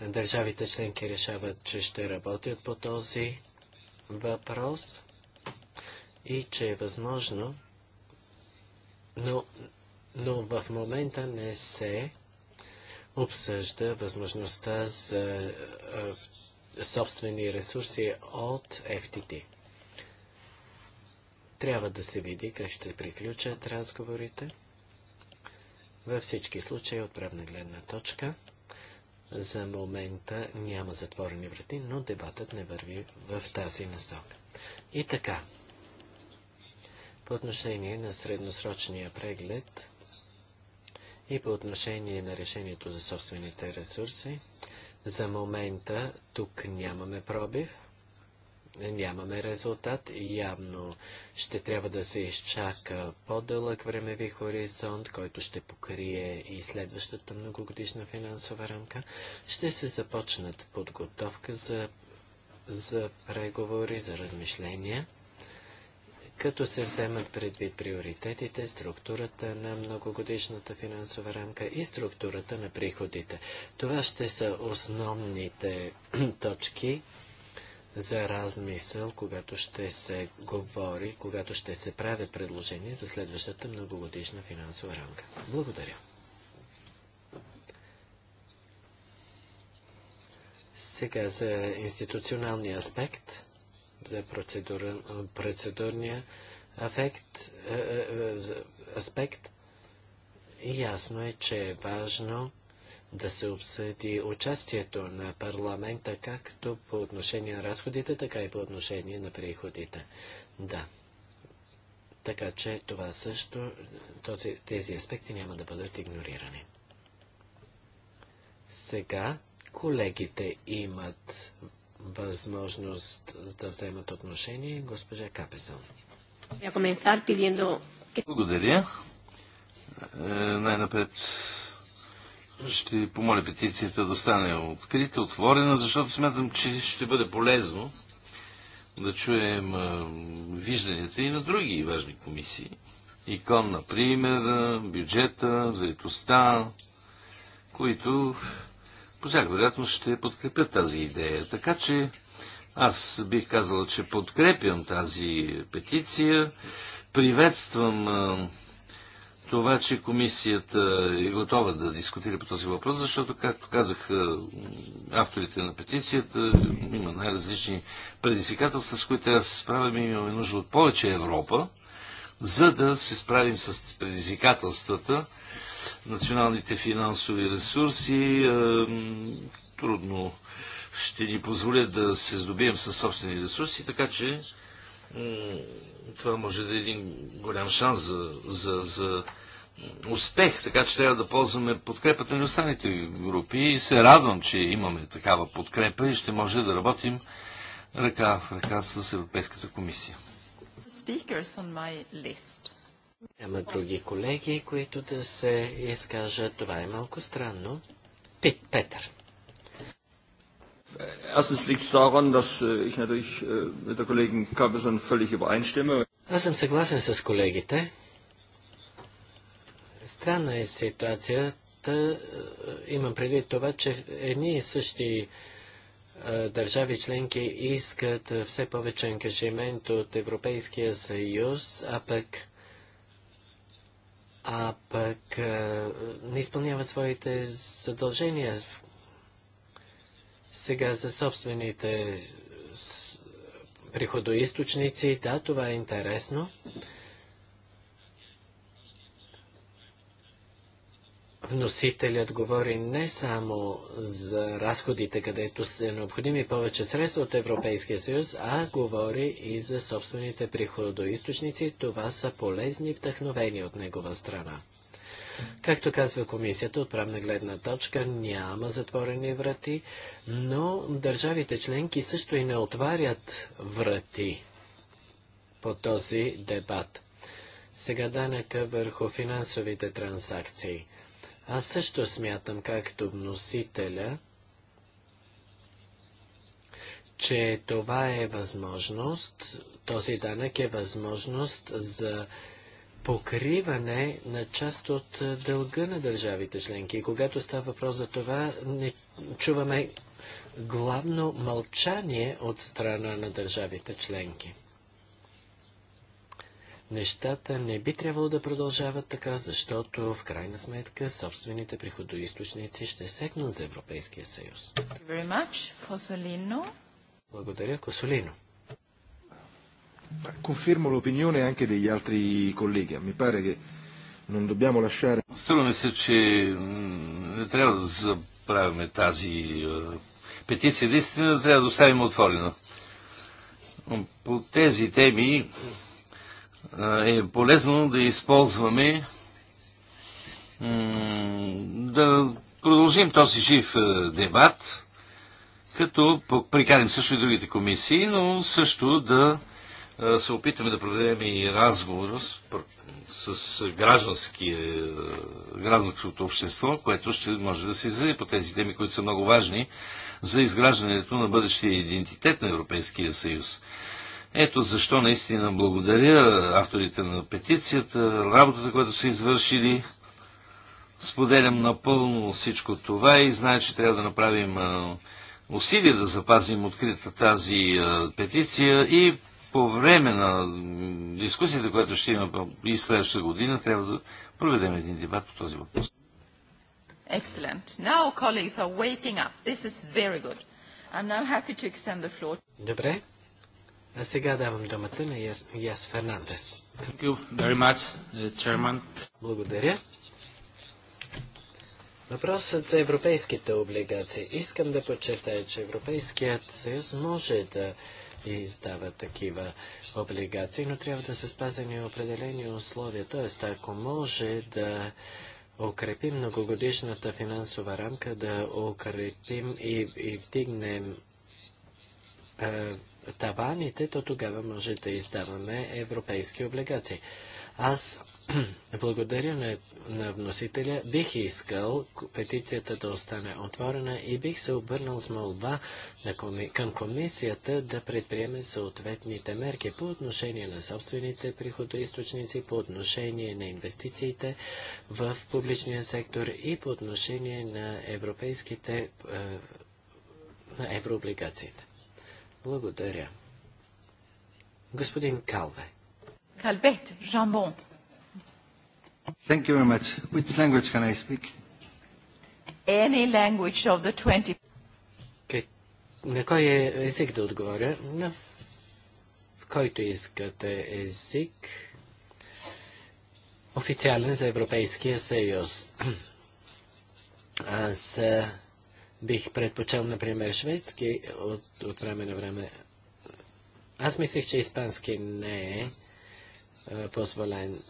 D: държавите членки решават, че ще работят по този въпрос и че е възможно, но, но в момента не се обсъжда възможността за собствени ресурси от FTT. Трябва да се види как ще приключат разговорите. Във всички случаи от правна гледна точка за момента няма затворени врати, но дебатът не върви в тази насока. И така, по отношение на средносрочния преглед и по отношение на решението за собствените ресурси, за момента тук нямаме пробив, нямаме резултат. Явно ще трябва да се изчака по-дълъг времеви хоризонт, който ще покрие и следващата многогодишна финансова рамка. Ще се започнат подготовка за, за преговори, за размишления като се вземат предвид приоритетите, структурата на многогодишната финансова рамка и структурата на приходите. Това ще са основните точки за размисъл, когато ще се говори, когато ще се правят предложения за следващата многогодишна финансова рамка. Благодаря. Сега за институционалния аспект – за процедурния афект, аспект. И ясно е, че е важно да се обсъди участието на парламента както по отношение на разходите, така и по отношение на приходите. Да. Така че това също, този, тези аспекти няма да бъдат игнорирани. Сега колегите имат възможност да вземат отношение госпожа Капесон.
C: Благодаря. Е, най-напред ще помоля петицията да стане открита, отворена, защото смятам, че ще бъде полезно да чуем е, вижданията и на други важни комисии. Икон, например, бюджета, заедостта, които по всяка вероятност ще подкрепят тази идея. Така че аз бих казал, че подкрепям тази петиция. Приветствам а, това, че комисията е готова да дискутира по този въпрос, защото, както казах, авторите на петицията има най-различни предизвикателства, с които трябва да се справим. и Имаме нужда от повече Европа, за да се справим с предизвикателствата, националните финансови ресурси е, трудно ще ни позволят да се здобием със собствени ресурси, така че това може да е един голям шанс за, за, за успех, така че трябва да ползваме подкрепата на останалите групи и се радвам, че имаме такава подкрепа и ще може да работим ръка в ръка с Европейската комисия.
A: Speakers on my list
D: няма други колеги, които да се изкажат. Това е малко странно. Пит, Петър. Erstens liegt es
C: daran, dass äh, ich natürlich äh, mit der Kollegin völlig übereinstimme.
D: Аз съм съгласен с колегите. Странна е ситуацията. Е, имам предвид това, че едни и същи е, държави членки искат е, все повече ангажимент от Европейския съюз, а пък а пък не изпълняват своите задължения. Сега за собствените приходоисточници, да, това е интересно, вносителят говори не само за разходите, където са необходими повече средства от Европейския съюз, а говори и за собствените приходоисточници. Това са полезни вдъхновения от негова страна. Както казва комисията, от правна гледна точка няма затворени врати, но държавите членки също и не отварят врати по този дебат. Сега данъка върху финансовите транзакции – аз също смятам, както вносителя, че това е възможност, този данък е възможност за покриване на част от дълга на държавите членки. И когато става въпрос за това, не чуваме главно мълчание от страна на държавите членки нещата не би трябвало да продължават така, защото в крайна сметка собствените приходоисточници ще секнат за Европейския съюз. Благодаря, Косолино.
C: Confermo l'opinione anche degli altri colleghi. Mi pare che non dobbiamo lasciare... Струва ми се, че не трябва да забравяме тази е, петиция. Единствено трябва да оставим отворено. По тези теми е полезно да използваме да продължим този жив дебат, като приканим също и другите комисии, но също да се опитаме да проведем и разговор с, с гражданското общество, което ще може да се изведе по тези теми, които са много важни за изграждането на бъдещия идентитет на Европейския съюз. Ето защо наистина благодаря авторите на петицията, работата, която са извършили. Споделям напълно всичко това и знае, че трябва да направим усилия да запазим открита тази петиция и по време на дискусията, която ще има и следващата година, трябва да проведем един дебат по този въпрос.
A: Excellent. Now colleagues are waking up. This is very good. I'm now happy to extend the floor.
D: Добре. А сега давам думата на Яс, Яс Фернандес. Much, uh, Благодаря. Въпросът за европейските облигации. Искам да подчертая, че Европейският съюз може да издава такива облигации, но трябва да са спазени определени условия. Тоест, ако може да укрепим многогодишната финансова рамка, да укрепим и, и вдигнем е, таваните, то тогава може да издаваме европейски облигации. Аз благодаря на, на вносителя. Бих искал петицията да остане отворена и бих се обърнал с молба на коми... към комисията да предприеме съответните мерки по отношение на собствените приходоисточници, по отношение на инвестициите в публичния сектор и по отношение на европейските е, на еврооблигациите. Благодаря. Господин Калве.
A: Калбет, жамбон.
D: Thank you very much. Which language can I speak?
A: Any language of the 20...
D: Как... На кой е език да отговоря? На в който искате език официален за Европейския съюз. Аз бих предпочел, например, шведски от, от време на време. Аз мислех, че испански не е, е позволен.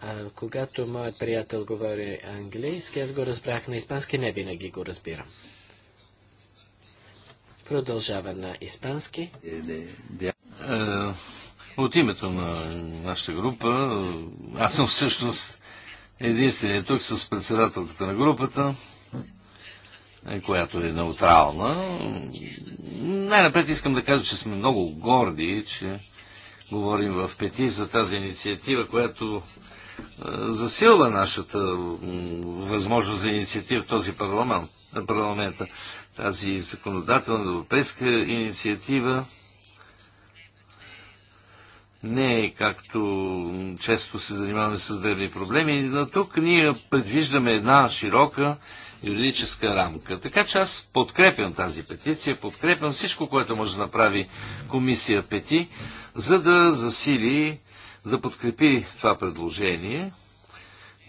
D: А, когато моят приятел говори английски, аз го разбрах на испански, не винаги го разбирам. Продължава на испански.
C: Е, от името на нашата група, аз съм всъщност единственият тук с председателката на групата която е неутрална. Най-напред искам да кажа, че сме много горди, че говорим в Пети за тази инициатива, която е, засилва нашата възможност за инициатива в този парламент, парламента. Тази законодателна европейска инициатива не е както често се занимаваме с древни проблеми, но тук ние предвиждаме една широка юридическа рамка. Така че аз подкрепям тази петиция, подкрепям всичко, което може да направи комисия Пети, за да засили, да подкрепи това предложение.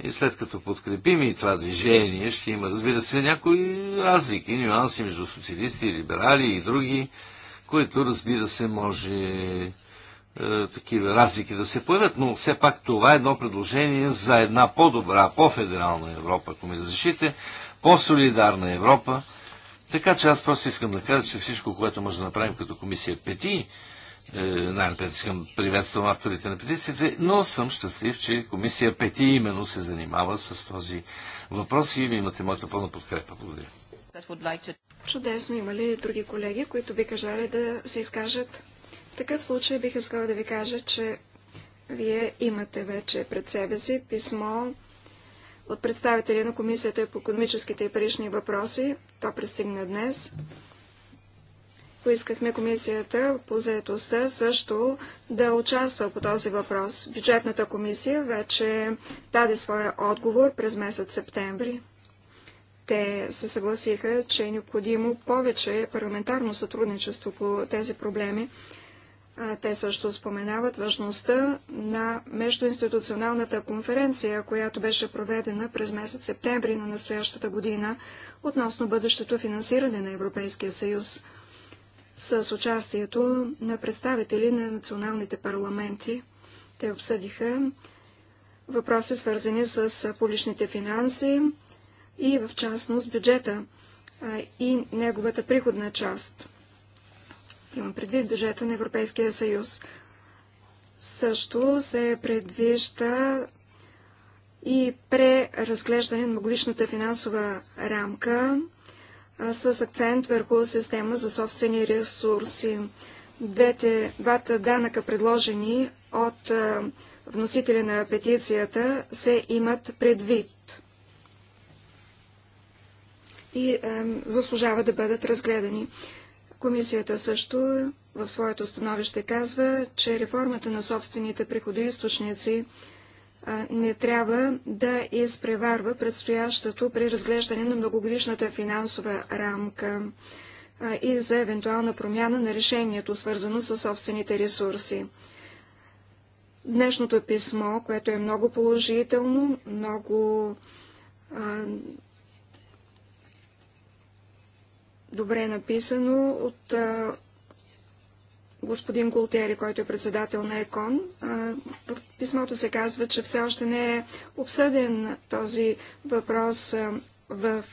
C: И след като подкрепим и това движение, ще има, разбира се, някои разлики, нюанси между социалисти, либерали и други, които, разбира се, може е, такива разлики да се появят, но все пак това е едно предложение за една по-добра, по-федерална Европа, ако ми разрешите, по-солидарна Европа. Така че аз просто искам да кажа, че всичко, което може да направим като комисия Пети, е, най-напред искам приветствам авторите на петициите, но съм щастлив, че комисия Пети именно се занимава с този въпрос и имате моята пълна подкрепа. Благодаря.
B: Чудесно. Има ли други колеги, които биха желали да се изкажат? В такъв случай бих искала да ви кажа, че вие имате вече пред себе си писмо от представители на Комисията по економическите и парични въпроси. То пристигна днес. Поискахме комисията по заедостта също да участва по този въпрос. Бюджетната комисия вече даде своя отговор през месец септември. Те се съгласиха, че е необходимо повече парламентарно сътрудничество по тези проблеми. Те също споменават важността на междуинституционалната конференция, която беше проведена през месец септември на настоящата година относно бъдещето финансиране на Европейския съюз с участието на представители на националните парламенти. Те обсъдиха въпроси, свързани с публичните финанси и в частност бюджета и неговата приходна част. Имам предвид бюджета на Европейския съюз. Също се предвижда и преразглеждане на годишната финансова рамка а, с акцент върху система за собствени ресурси. Двете, двата данъка, предложени от а, вносителя на петицията, се имат предвид и а, заслужава да бъдат разгледани. Комисията също в своето становище казва, че реформата на собствените приходоисточници не трябва да изпреварва предстоящото при разглеждане на многогодишната финансова рамка и за евентуална промяна на решението, свързано с собствените ресурси. Днешното писмо, което е много положително, много а, добре е написано от а, господин Култери, който е председател на ЕКОН. А, в писмото се казва, че все още не е обсъден този въпрос а, в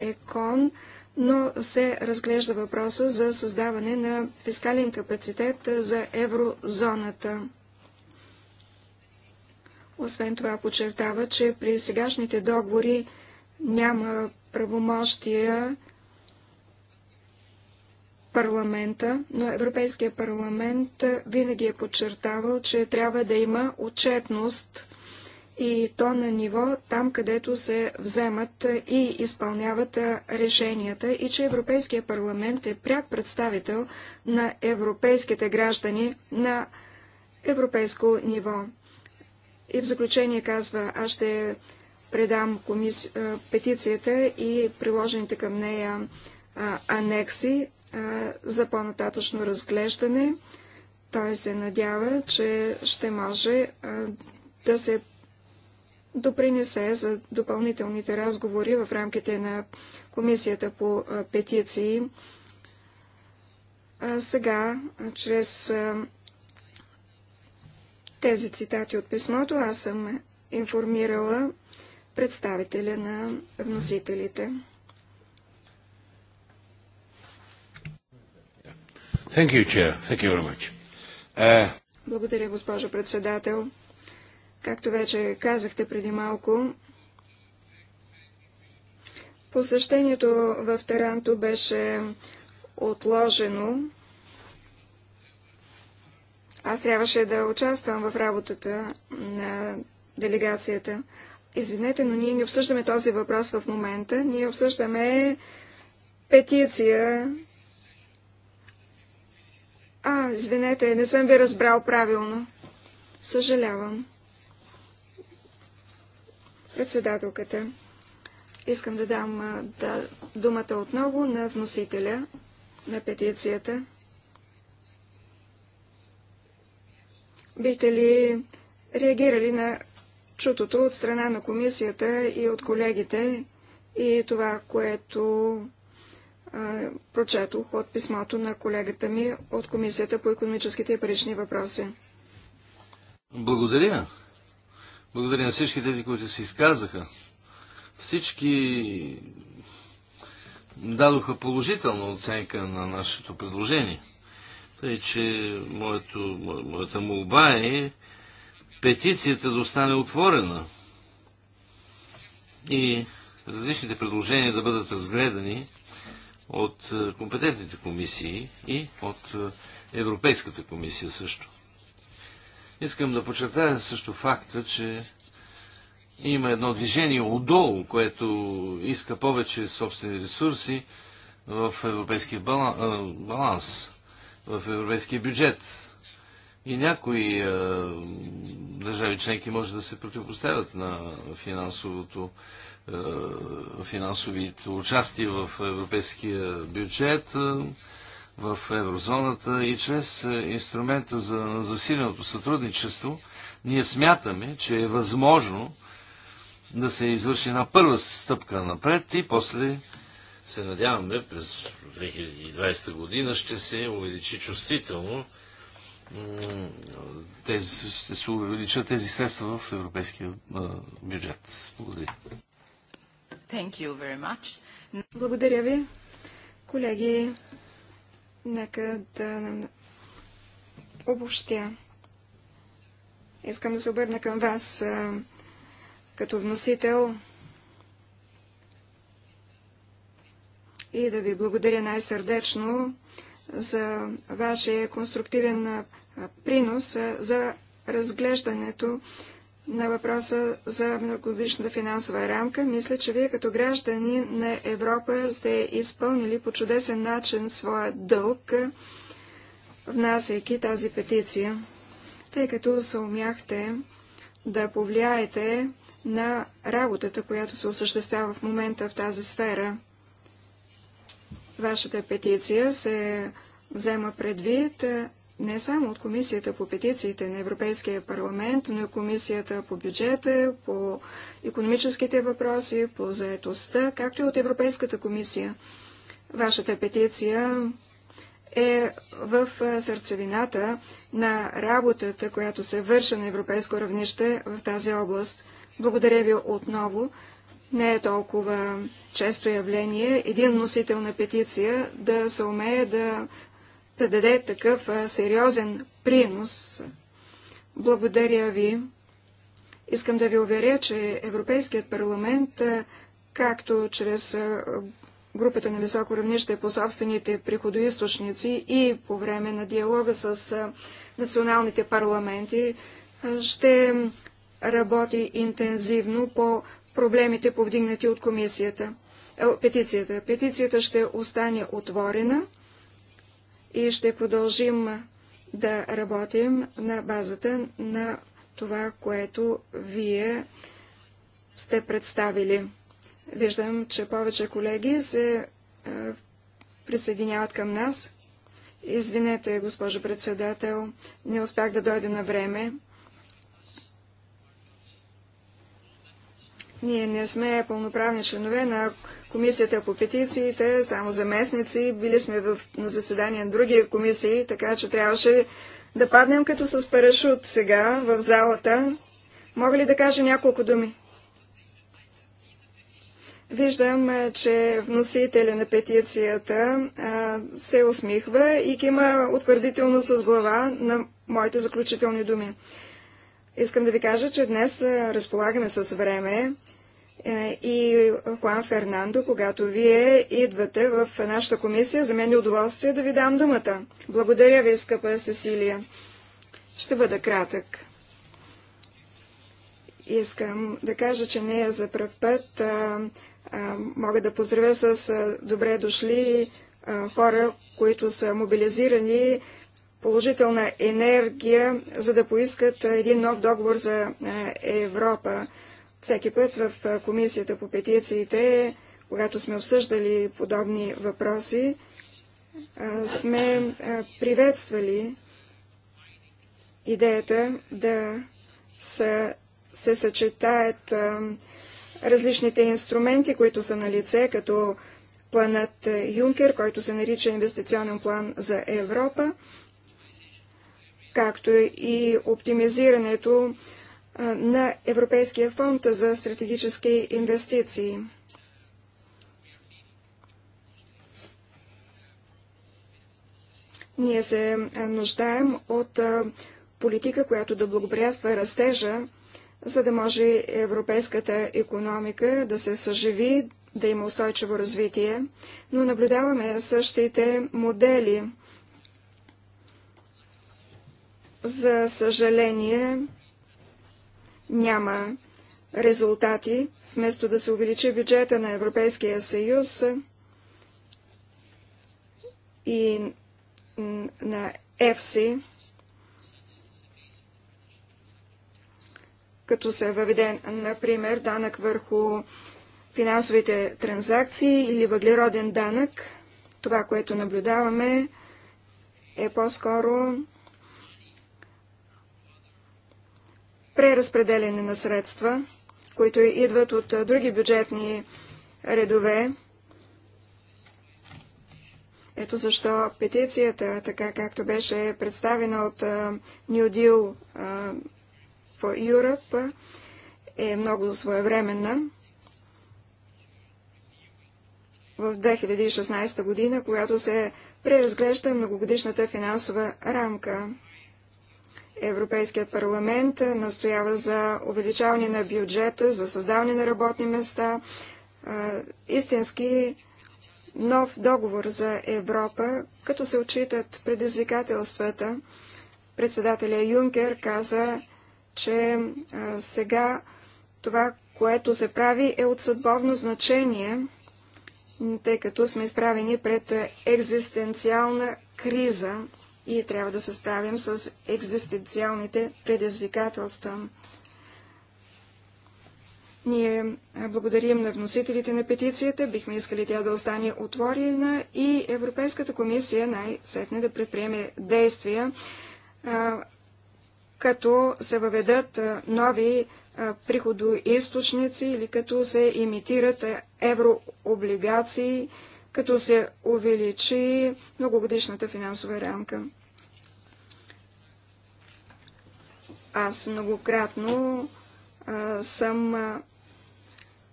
B: ЕКОН, но се разглежда въпроса за създаване на фискален капацитет за еврозоната. Освен това подчертава, че при сегашните договори няма правомощия парламента, но Европейския парламент винаги е подчертавал, че трябва да има отчетност и то на ниво там, където се вземат и изпълняват решенията и че Европейския парламент е пряк представител на европейските граждани на европейско ниво. И в заключение казва, аз ще предам комис... петицията и приложените към нея анекси за по-нататъчно разглеждане. Той се надява, че ще може да се допринесе за допълнителните разговори в рамките на Комисията по петиции. А сега, чрез тези цитати от писмото, аз съм информирала представителя на вносителите.
C: Thank you, Chair. Thank you very much. Uh...
B: Благодаря, госпожо председател. Както вече казахте преди малко, посещението в Таранто беше отложено. Аз трябваше да участвам в работата на делегацията. Извинете, но ние не обсъждаме този въпрос в момента. Ние обсъждаме петиция а, извинете, не съм ви разбрал правилно. Съжалявам. Председателката. Искам да дам да, думата отново на вносителя на петицията. Бихте ли реагирали на чутото от страна на комисията и от колегите и това, което прочетох от писмото на колегата ми от Комисията по економическите и парични въпроси.
C: Благодаря. Благодаря на всички тези, които се изказаха. Всички дадоха положителна оценка на нашето предложение. Тъй, че моето, моята молба е петицията да остане отворена и различните предложения да бъдат разгледани от е, компетентните комисии и от е, Европейската комисия също. Искам да подчертая също факта, че има едно движение отдолу, което иска повече собствени ресурси в европейския е, баланс, в европейския бюджет. И някои държави членки може да се противопоставят на финансовото е, финансовите участия в европейския бюджет, е, в еврозоната и чрез е, инструмента за засиленото сътрудничество, ние смятаме, че е възможно да се извърши една първа стъпка напред и после се надяваме през 2020 година ще се увеличи чувствително тези, ще се увеличат тези средства в европейския бюджет. Благодаря.
A: Thank you very much.
B: Благодаря ви. Колеги, нека да обобщя. Искам да се обърна към вас като вносител и да ви благодаря най-сърдечно за вашия конструктивен принос за разглеждането на въпроса за многогодишната финансова рамка, мисля, че вие като граждани на Европа сте изпълнили по чудесен начин своя дълг, внасяйки тази петиция, тъй като се умяхте да повлияете на работата, която се осъществява в момента в тази сфера. Вашата петиция се взема предвид не само от Комисията по петициите на Европейския парламент, но и Комисията по бюджета, по економическите въпроси, по заетостта, както и от Европейската комисия. Вашата петиция е в сърцевината на работата, която се върша на европейско равнище в тази област. Благодаря ви отново. Не е толкова често явление един носител на петиция да се умее да да даде такъв сериозен принос. Благодаря ви. Искам да ви уверя, че Европейският парламент, както чрез групата на високо равнище по собствените приходоисточници и по време на диалога с националните парламенти, ще работи интензивно по проблемите, повдигнати от комисията. Е, петицията. Петицията ще остане отворена и ще продължим да работим на базата на това, което вие сте представили. Виждам, че повече колеги се присъединяват към нас. Извинете, госпожо председател, не успях да дойда на време. Ние не сме пълноправни членове на Комисията по петициите, само заместници, били сме в заседание на други комисии, така че трябваше да паднем като с парашут сега в залата. Мога ли да кажа няколко думи? Виждам, че вносителя на петицията а, се усмихва и кима утвърдително с глава на моите заключителни думи. Искам да ви кажа, че днес разполагаме с време. Е, и Хуан Фернандо, когато вие идвате в нашата комисия, за мен е удоволствие да ви дам думата. Благодаря ви, скъпа Сесилия. Ще бъда кратък. Искам да кажа, че не е за пръв път. А, а, мога да поздравя с а, добре дошли а, хора, които са мобилизирани положителна енергия, за да поискат един нов договор за Европа. Всеки път в комисията по петициите, когато сме обсъждали подобни въпроси, сме приветствали идеята да се съчетаят различните инструменти, които са на лице, като планът Юнкер, който се нарича инвестиционен план за Европа, както и оптимизирането на Европейския фонд за стратегически инвестиции. Ние се нуждаем от политика, която да благоприятства растежа, за да може европейската економика да се съживи, да има устойчиво развитие, но наблюдаваме същите модели. За съжаление, няма резултати. Вместо да се увеличи бюджета на Европейския съюз и на ЕФСИ, като се въведе, например, данък върху финансовите транзакции или въглероден данък, това, което наблюдаваме, е по-скоро преразпределяне на средства, които идват от други бюджетни редове. Ето защо петицията, така както беше представена от New Deal for Europe, е много своевременна. В 2016 година, която се преразглежда многогодишната финансова рамка. Европейският парламент настоява за увеличаване на бюджета, за създаване на работни места, истински нов договор за Европа, като се отчитат предизвикателствата. Председателя Юнкер каза, че сега това, което се прави, е от съдбовно значение, тъй като сме изправени пред екзистенциална криза и трябва да се справим с екзистенциалните предизвикателства. Ние благодарим на вносителите на петицията, бихме искали тя да остане отворена и Европейската комисия най-сетне да предприеме действия, като се въведат нови приходоисточници или като се имитират еврооблигации, като се увеличи многогодишната финансова рамка. Аз многократно а, съм а,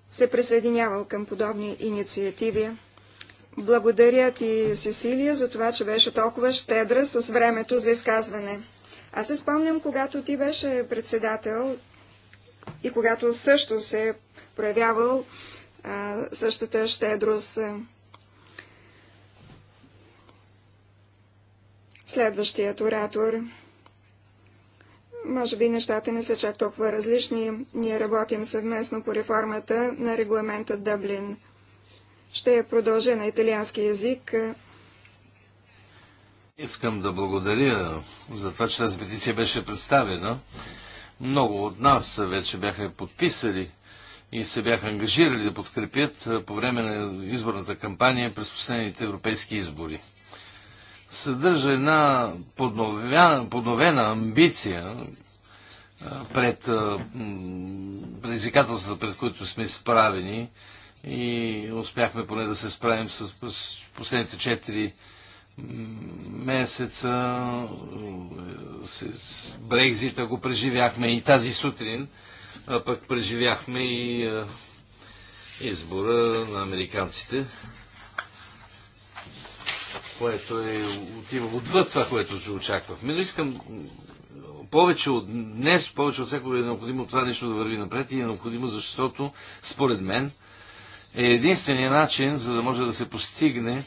B: се присъединявал към подобни инициативи. Благодаря ти, Сесилия, за това, че беше толкова щедра с времето за изказване. Аз се спомням, когато ти беше председател и когато също се проявявал а, същата щедрост. Следващият оратор. Може би нещата не са чак толкова различни. Ние работим съвместно по реформата на регламента Дъблин. Ще я продължа на италиански язик.
C: Искам да благодаря за това, че тази петиция беше представена. Много от нас вече бяха подписали и се бяха ангажирали да подкрепят по време на изборната кампания през последните европейски избори съдържа една подновена, подновена амбиция пред предизвикателствата, пред които сме справени и успяхме поне да се справим с последните четири месеца с Брекзита го преживяхме и тази сутрин, а пък преживяхме и избора на американците което е отива отвъд това, което се очаквахме. Но искам повече от днес, повече от всяко е необходимо това нещо да върви напред и е необходимо, защото според мен е единствения начин, за да може да се постигне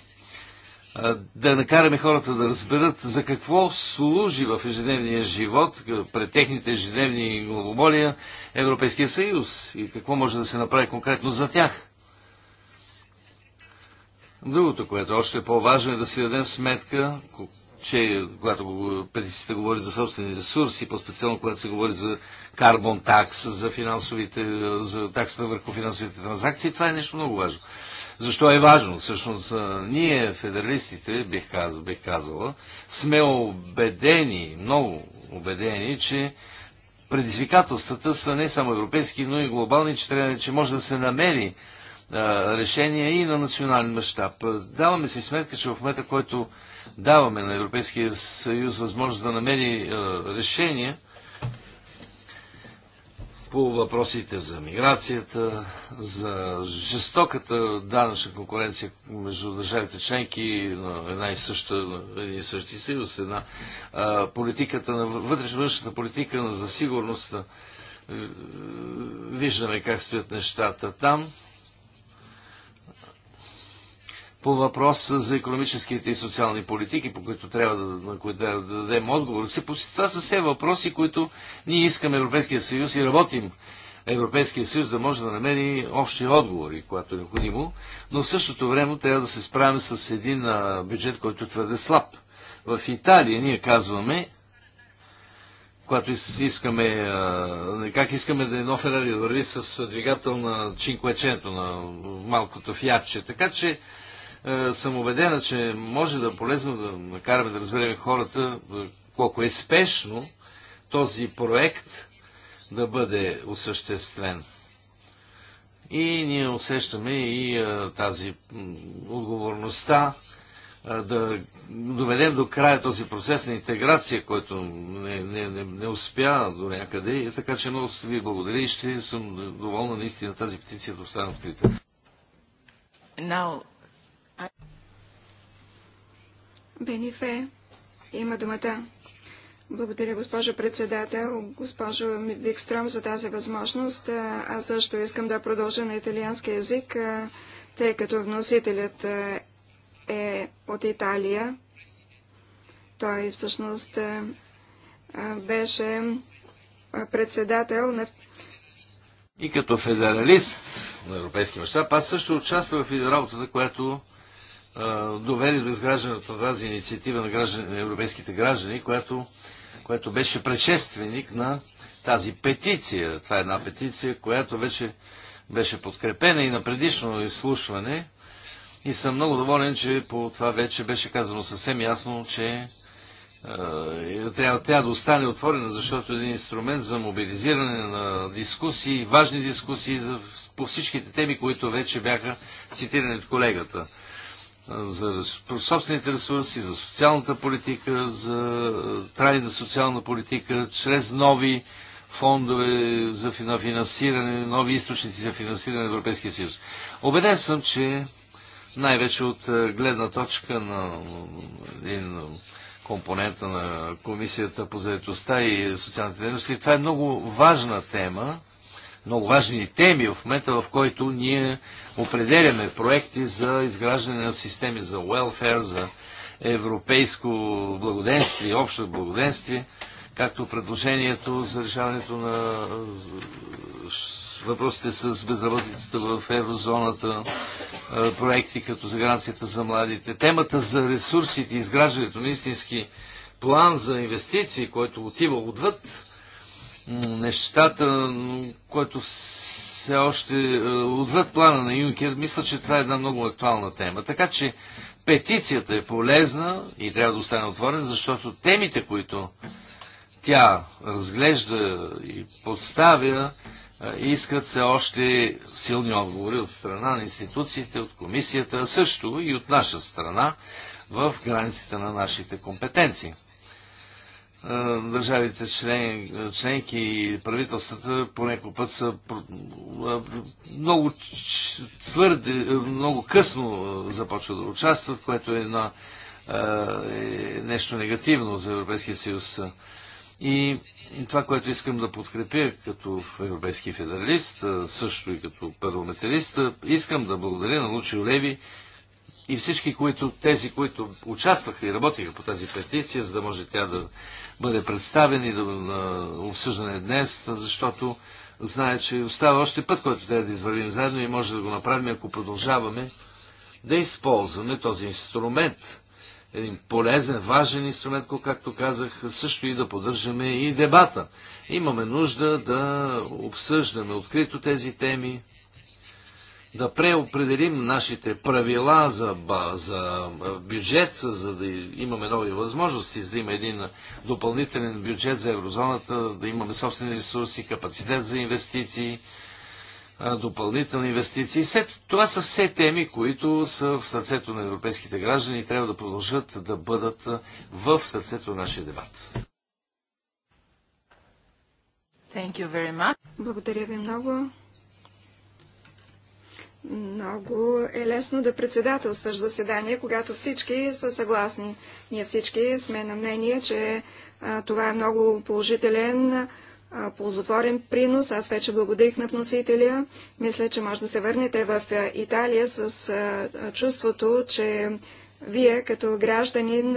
C: да накараме хората да разберат за какво служи в ежедневния живот, пред техните ежедневни главоболия Европейския съюз и какво може да се направи конкретно за тях. Другото, което е още е по-важно е да си дадем сметка, че когато петицията говори за собствени ресурси, по-специално когато се говори за карбон такс, за, финансовите, за таксата върху финансовите транзакции, това е нещо много важно. Защо е важно? Всъщност, ние, федералистите, бих, каз, бих казала, сме убедени, много убедени, че предизвикателствата са не само европейски, но и глобални, че, трябва, че може да се намери решения и на национален мащаб. Даваме си сметка, че в момента, който даваме на Европейския съюз възможност да намери решения по въпросите за миграцията, за жестоката данъчна конкуренция между държавите членки на една и съща, един и същи съюз, една политиката на вътрешната политика за сигурност, виждаме как стоят нещата там по въпроса за економическите и социални политики, по които трябва да, на които да, да дадем отговор. Се, това са все въпроси, които ние искаме Европейския съюз и работим Европейския съюз да може да намери общи отговори, когато е необходимо, но в същото време трябва да се справим с един а, бюджет, който е твърде слаб. В Италия ние казваме, когато искаме, а, как искаме да е едно Ферари да върви с двигател на чинкоеченето на малкото фиатче. Така че е, съм убедена, че може да е полезно да накараме да разберем хората е, колко е спешно този проект да бъде осъществен. И ние усещаме и а, е, тази отговорността а, да доведем до края този процес на интеграция, който не, не, не, не успя до някъде. И така че много ви благодаря и ще съм доволна наистина тази петиция да остане открита.
B: Now, Бенифе има думата. Благодаря, госпожо председател, госпожо Викстром, за тази възможност. Аз също искам да продължа на италиански язик, тъй като вносителят е от Италия. Той всъщност беше председател на...
C: И като федералист на европейски мащаб, аз също участвах в работата, която доведе до изграждането на тази инициатива на, граждани, на европейските граждани, която, която беше предшественик на тази петиция. Това е една петиция, която вече беше подкрепена и на предишно изслушване. И съм много доволен, че по това вече беше казано съвсем ясно, че е, трябва тя да остане отворена, защото е един инструмент за мобилизиране на дискусии, важни дискусии за, по всичките теми, които вече бяха цитирани от колегата за собствените ресурси, за социалната политика, за трайна социална политика, чрез нови фондове за финансиране, нови източници за финансиране на Европейския съюз. Обеден съм, че най-вече от гледна точка на един компонента на Комисията по заедостта и социалните дейности, това е много важна тема, много важни теми в момента, в който ние определяме проекти за изграждане на системи за welfare, за европейско благоденствие, общо благоденствие, както предложението за решаването на въпросите с безработицата в еврозоната, проекти като за гаранцията за младите, темата за ресурсите, изграждането на истински план за инвестиции, който отива отвъд нещата, което все още е, отвъд плана на Юнкер, мисля, че това е една много актуална тема. Така че петицията е полезна и трябва да остане отворена, защото темите, които тя разглежда и подставя, е, искат се още силни отговори от страна на институциите, от комисията, а също и от наша страна в границите на нашите компетенции. Е, държавите член, членки и правителствата по някой път са е, много твърде, е, много късно започват да участват, което е, на, е нещо негативно за Европейския съюз. И това, което искам да подкрепя като европейски федералист, също и като парламентарист, искам да благодаря на Лучи Леви и всички, които, тези, които участваха и работиха по тази петиция, за да може тя да бъде представен и да, обсъждане днес, защото знае, че остава още път, който трябва да извървим заедно и може да го направим, ако продължаваме да използваме този инструмент. Един полезен, важен инструмент, както казах, също и да поддържаме и дебата. Имаме нужда да обсъждаме открито тези теми, да преопределим нашите правила за, за бюджет, за да имаме нови възможности, за да има един допълнителен бюджет за еврозоната, да имаме собствени ресурси, капацитет за инвестиции, допълнителни инвестиции. Това са все теми, които са в сърцето на европейските граждани и трябва да продължат да бъдат в сърцето на нашия дебат.
B: Благодаря ви много. Много е лесно да председателстваш заседание, когато всички са съгласни. Ние всички сме на мнение, че а, това е много положителен, а, ползотворен принос. Аз вече благодарих на вносителя. Мисля, че може да се върнете в Италия с а, чувството, че вие като гражданин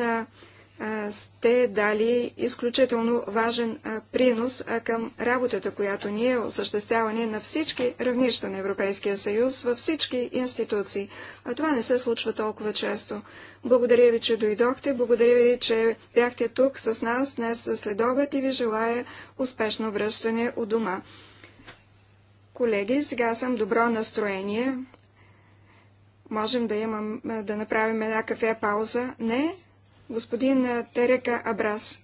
B: сте дали изключително важен принос към работата, която ние осъществяване на всички равнища на Европейския съюз, във всички институции. А това не се случва толкова често. Благодаря ви, че дойдохте, благодаря ви, че бяхте тук с нас днес след обед и ви желая успешно връщане у дома. Колеги, сега съм добро настроение. Можем да, имам, да направим една кафе пауза. Не, господин Терека Абрас.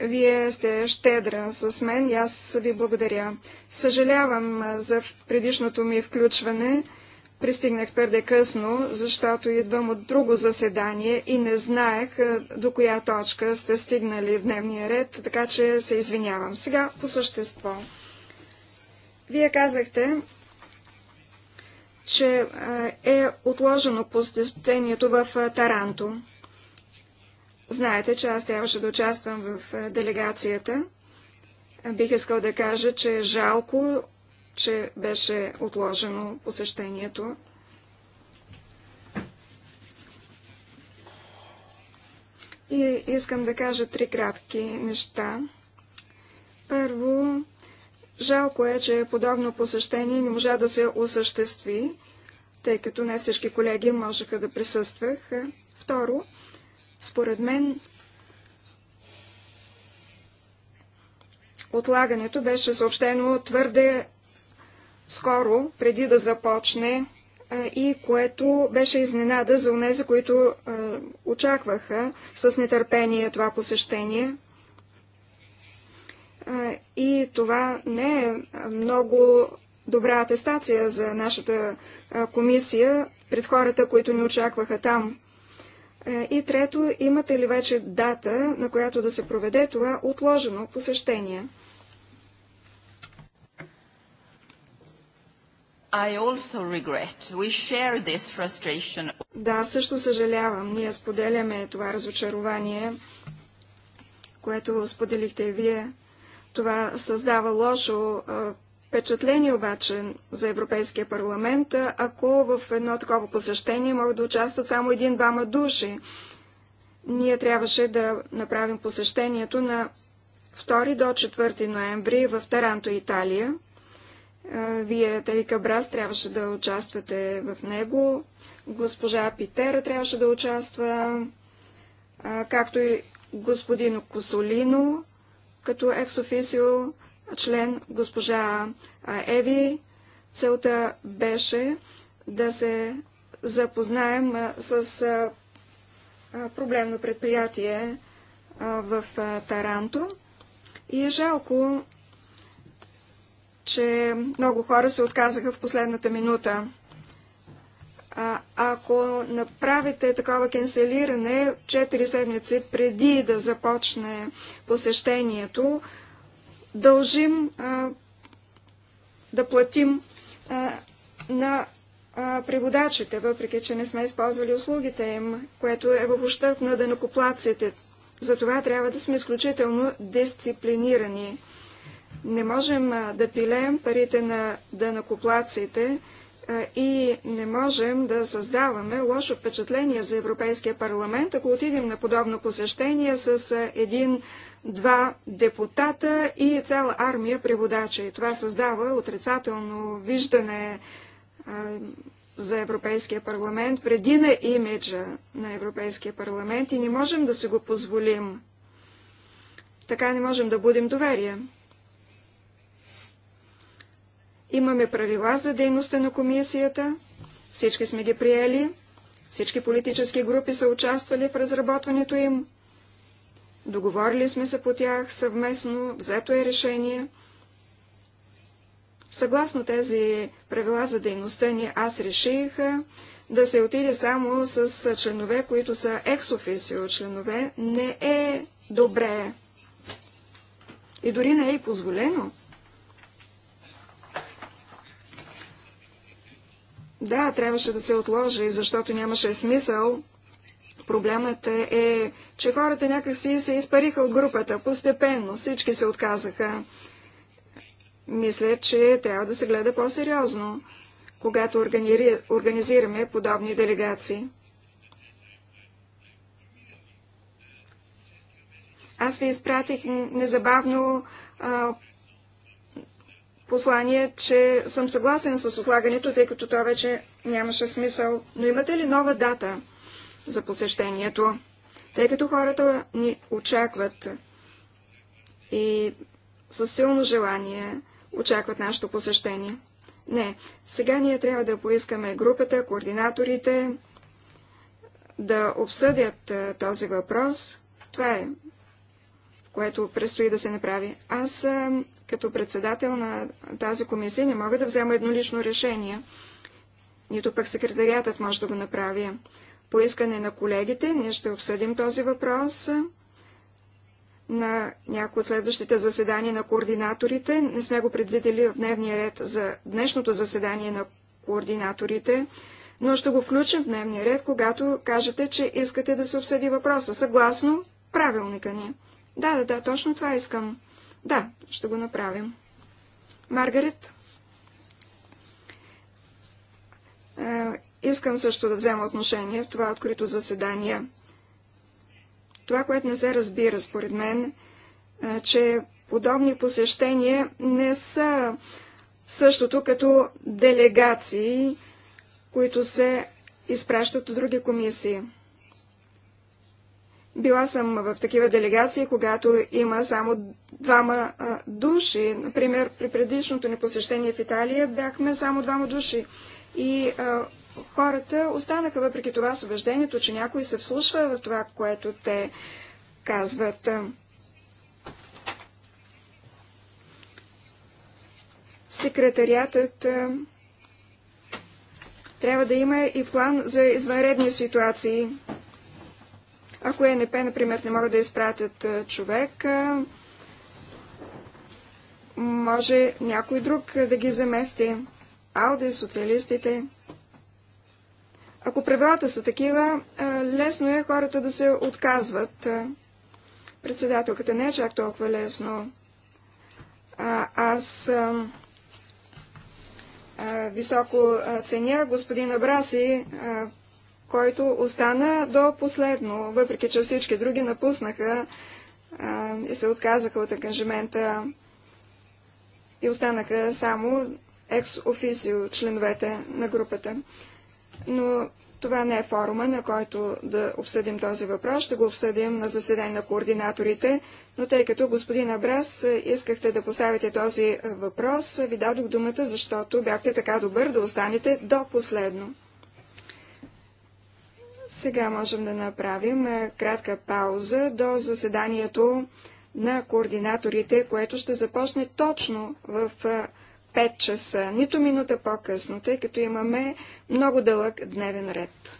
B: Вие сте щедра с мен и аз ви благодаря. Съжалявам за предишното ми включване. Пристигнах твърде късно, защото идвам от друго заседание и не знаех до коя точка сте стигнали в дневния ред, така че се извинявам. Сега по същество. Вие казахте, че е, е отложено посещението в е, Таранто. Знаете, че аз трябваше да участвам в е, делегацията. Бих искал да кажа, че е жалко, че беше отложено посещението. И искам да кажа три кратки неща. Първо, Жалко е, че подобно посещение не можа да се осъществи, тъй като не всички колеги можеха да присъствах. Второ, според мен отлагането беше съобщено твърде скоро, преди да започне и което беше изненада за унези, които очакваха с нетърпение това посещение и това не е много добра атестация за нашата комисия пред хората, които ни очакваха там. И трето, имате ли вече дата, на която да се проведе това отложено посещение?
A: I also regret. We share this frustration.
B: Да, също съжалявам. Ние споделяме това разочарование, което споделихте и вие. Това създава лошо впечатление обаче за Европейския парламент, ако в едно такова посещение могат да участват само един-двама души. Ние трябваше да направим посещението на 2 до 4 ноември в Таранто, Италия. Вие, Талика Брас, трябваше да участвате в него. Госпожа Питера трябваше да участва, както и господин Косолино, като ексофисио член госпожа Еви. Целта беше да се запознаем с проблемно предприятие в Таранто. И е жалко, че много хора се отказаха в последната минута а, ако направите такова кенселиране 4 седмици преди да започне посещението, дължим а, да платим а, на а, преводачите, въпреки че не сме използвали услугите им, което е в ущърп на дънакоплаците. Затова трябва да сме изключително дисциплинирани. Не можем а, да пилеем парите на денокоплаците. да и не можем да създаваме лошо впечатление за Европейския парламент, ако отидем на подобно посещение с един-два депутата и цяла армия преводача, и Това създава отрицателно виждане а, за Европейския парламент, преди на имиджа на Европейския парламент и не можем да си го позволим. Така не можем да будем доверие. Имаме правила за дейността на комисията. Всички сме ги приели. Всички политически групи са участвали в разработването им. Договорили сме се по тях съвместно, взето е решение. Съгласно тези правила за дейността ни, аз реших да се отиде само с членове, които са екс-офисио членове. Не е добре. И дори не е и позволено Да, трябваше да се отложи, защото нямаше смисъл. Проблемът е, че хората някакси се изпариха от групата. Постепенно всички се отказаха. Мисля, че трябва да се гледа по-сериозно, когато организираме подобни делегации. Аз ви изпратих незабавно а, послание, че съм съгласен с отлагането, тъй като това вече нямаше смисъл. Но имате ли нова дата за посещението? Тъй като хората ни очакват и със силно желание очакват нашето посещение. Не, сега ние трябва да поискаме групата, координаторите да обсъдят този въпрос. Това е което предстои да се направи. Аз като председател на тази комисия не мога да взема еднолично решение, нито пък секретариатът може да го направи. По искане на колегите ние ще обсъдим този въпрос на някои от следващите заседания на координаторите. Не сме го предвидели в дневния ред за днешното заседание на координаторите, но ще го включим в дневния ред, когато кажете, че искате да се обсъди въпроса, съгласно правилника ни. Да, да, да, точно това искам. Да, ще го направим. Маргарет? Е, искам също да взема отношение в това открито заседание. Това, което не се разбира, според мен, е, че подобни посещения не са същото като делегации, които се изпращат от други комисии. Била съм в такива делегации, когато има само двама а, души. Например, при предишното ни посещение в Италия бяхме само двама души. И а, хората останаха въпреки това с убеждението, че някой се вслушва в това, което те казват. Секретариатът а, трябва да има и план за извънредни ситуации. Ако ЕНП, например, не могат да изпратят е, човек, е, може някой друг е, да ги замести. Ауди, социалистите. Ако правилата са такива, лесно е хората да се отказват. Председателката не е чак толкова лесно. А, аз а, а, високо ценя господин Абраси, който остана до последно, въпреки че всички други напуснаха а, и се отказаха от ангажимента и останаха само екс офисио членовете на групата. Но това не е форума, на който да обсъдим този въпрос. Ще го обсъдим на заседание на координаторите. Но тъй като господин Абрас искахте да поставите този въпрос, ви дадох думата, защото бяхте така добър да останете до последно. Сега можем да направим е, кратка пауза до заседанието на координаторите, което ще започне точно в 5 е, часа, нито минута по-късно, тъй като имаме много дълъг дневен ред.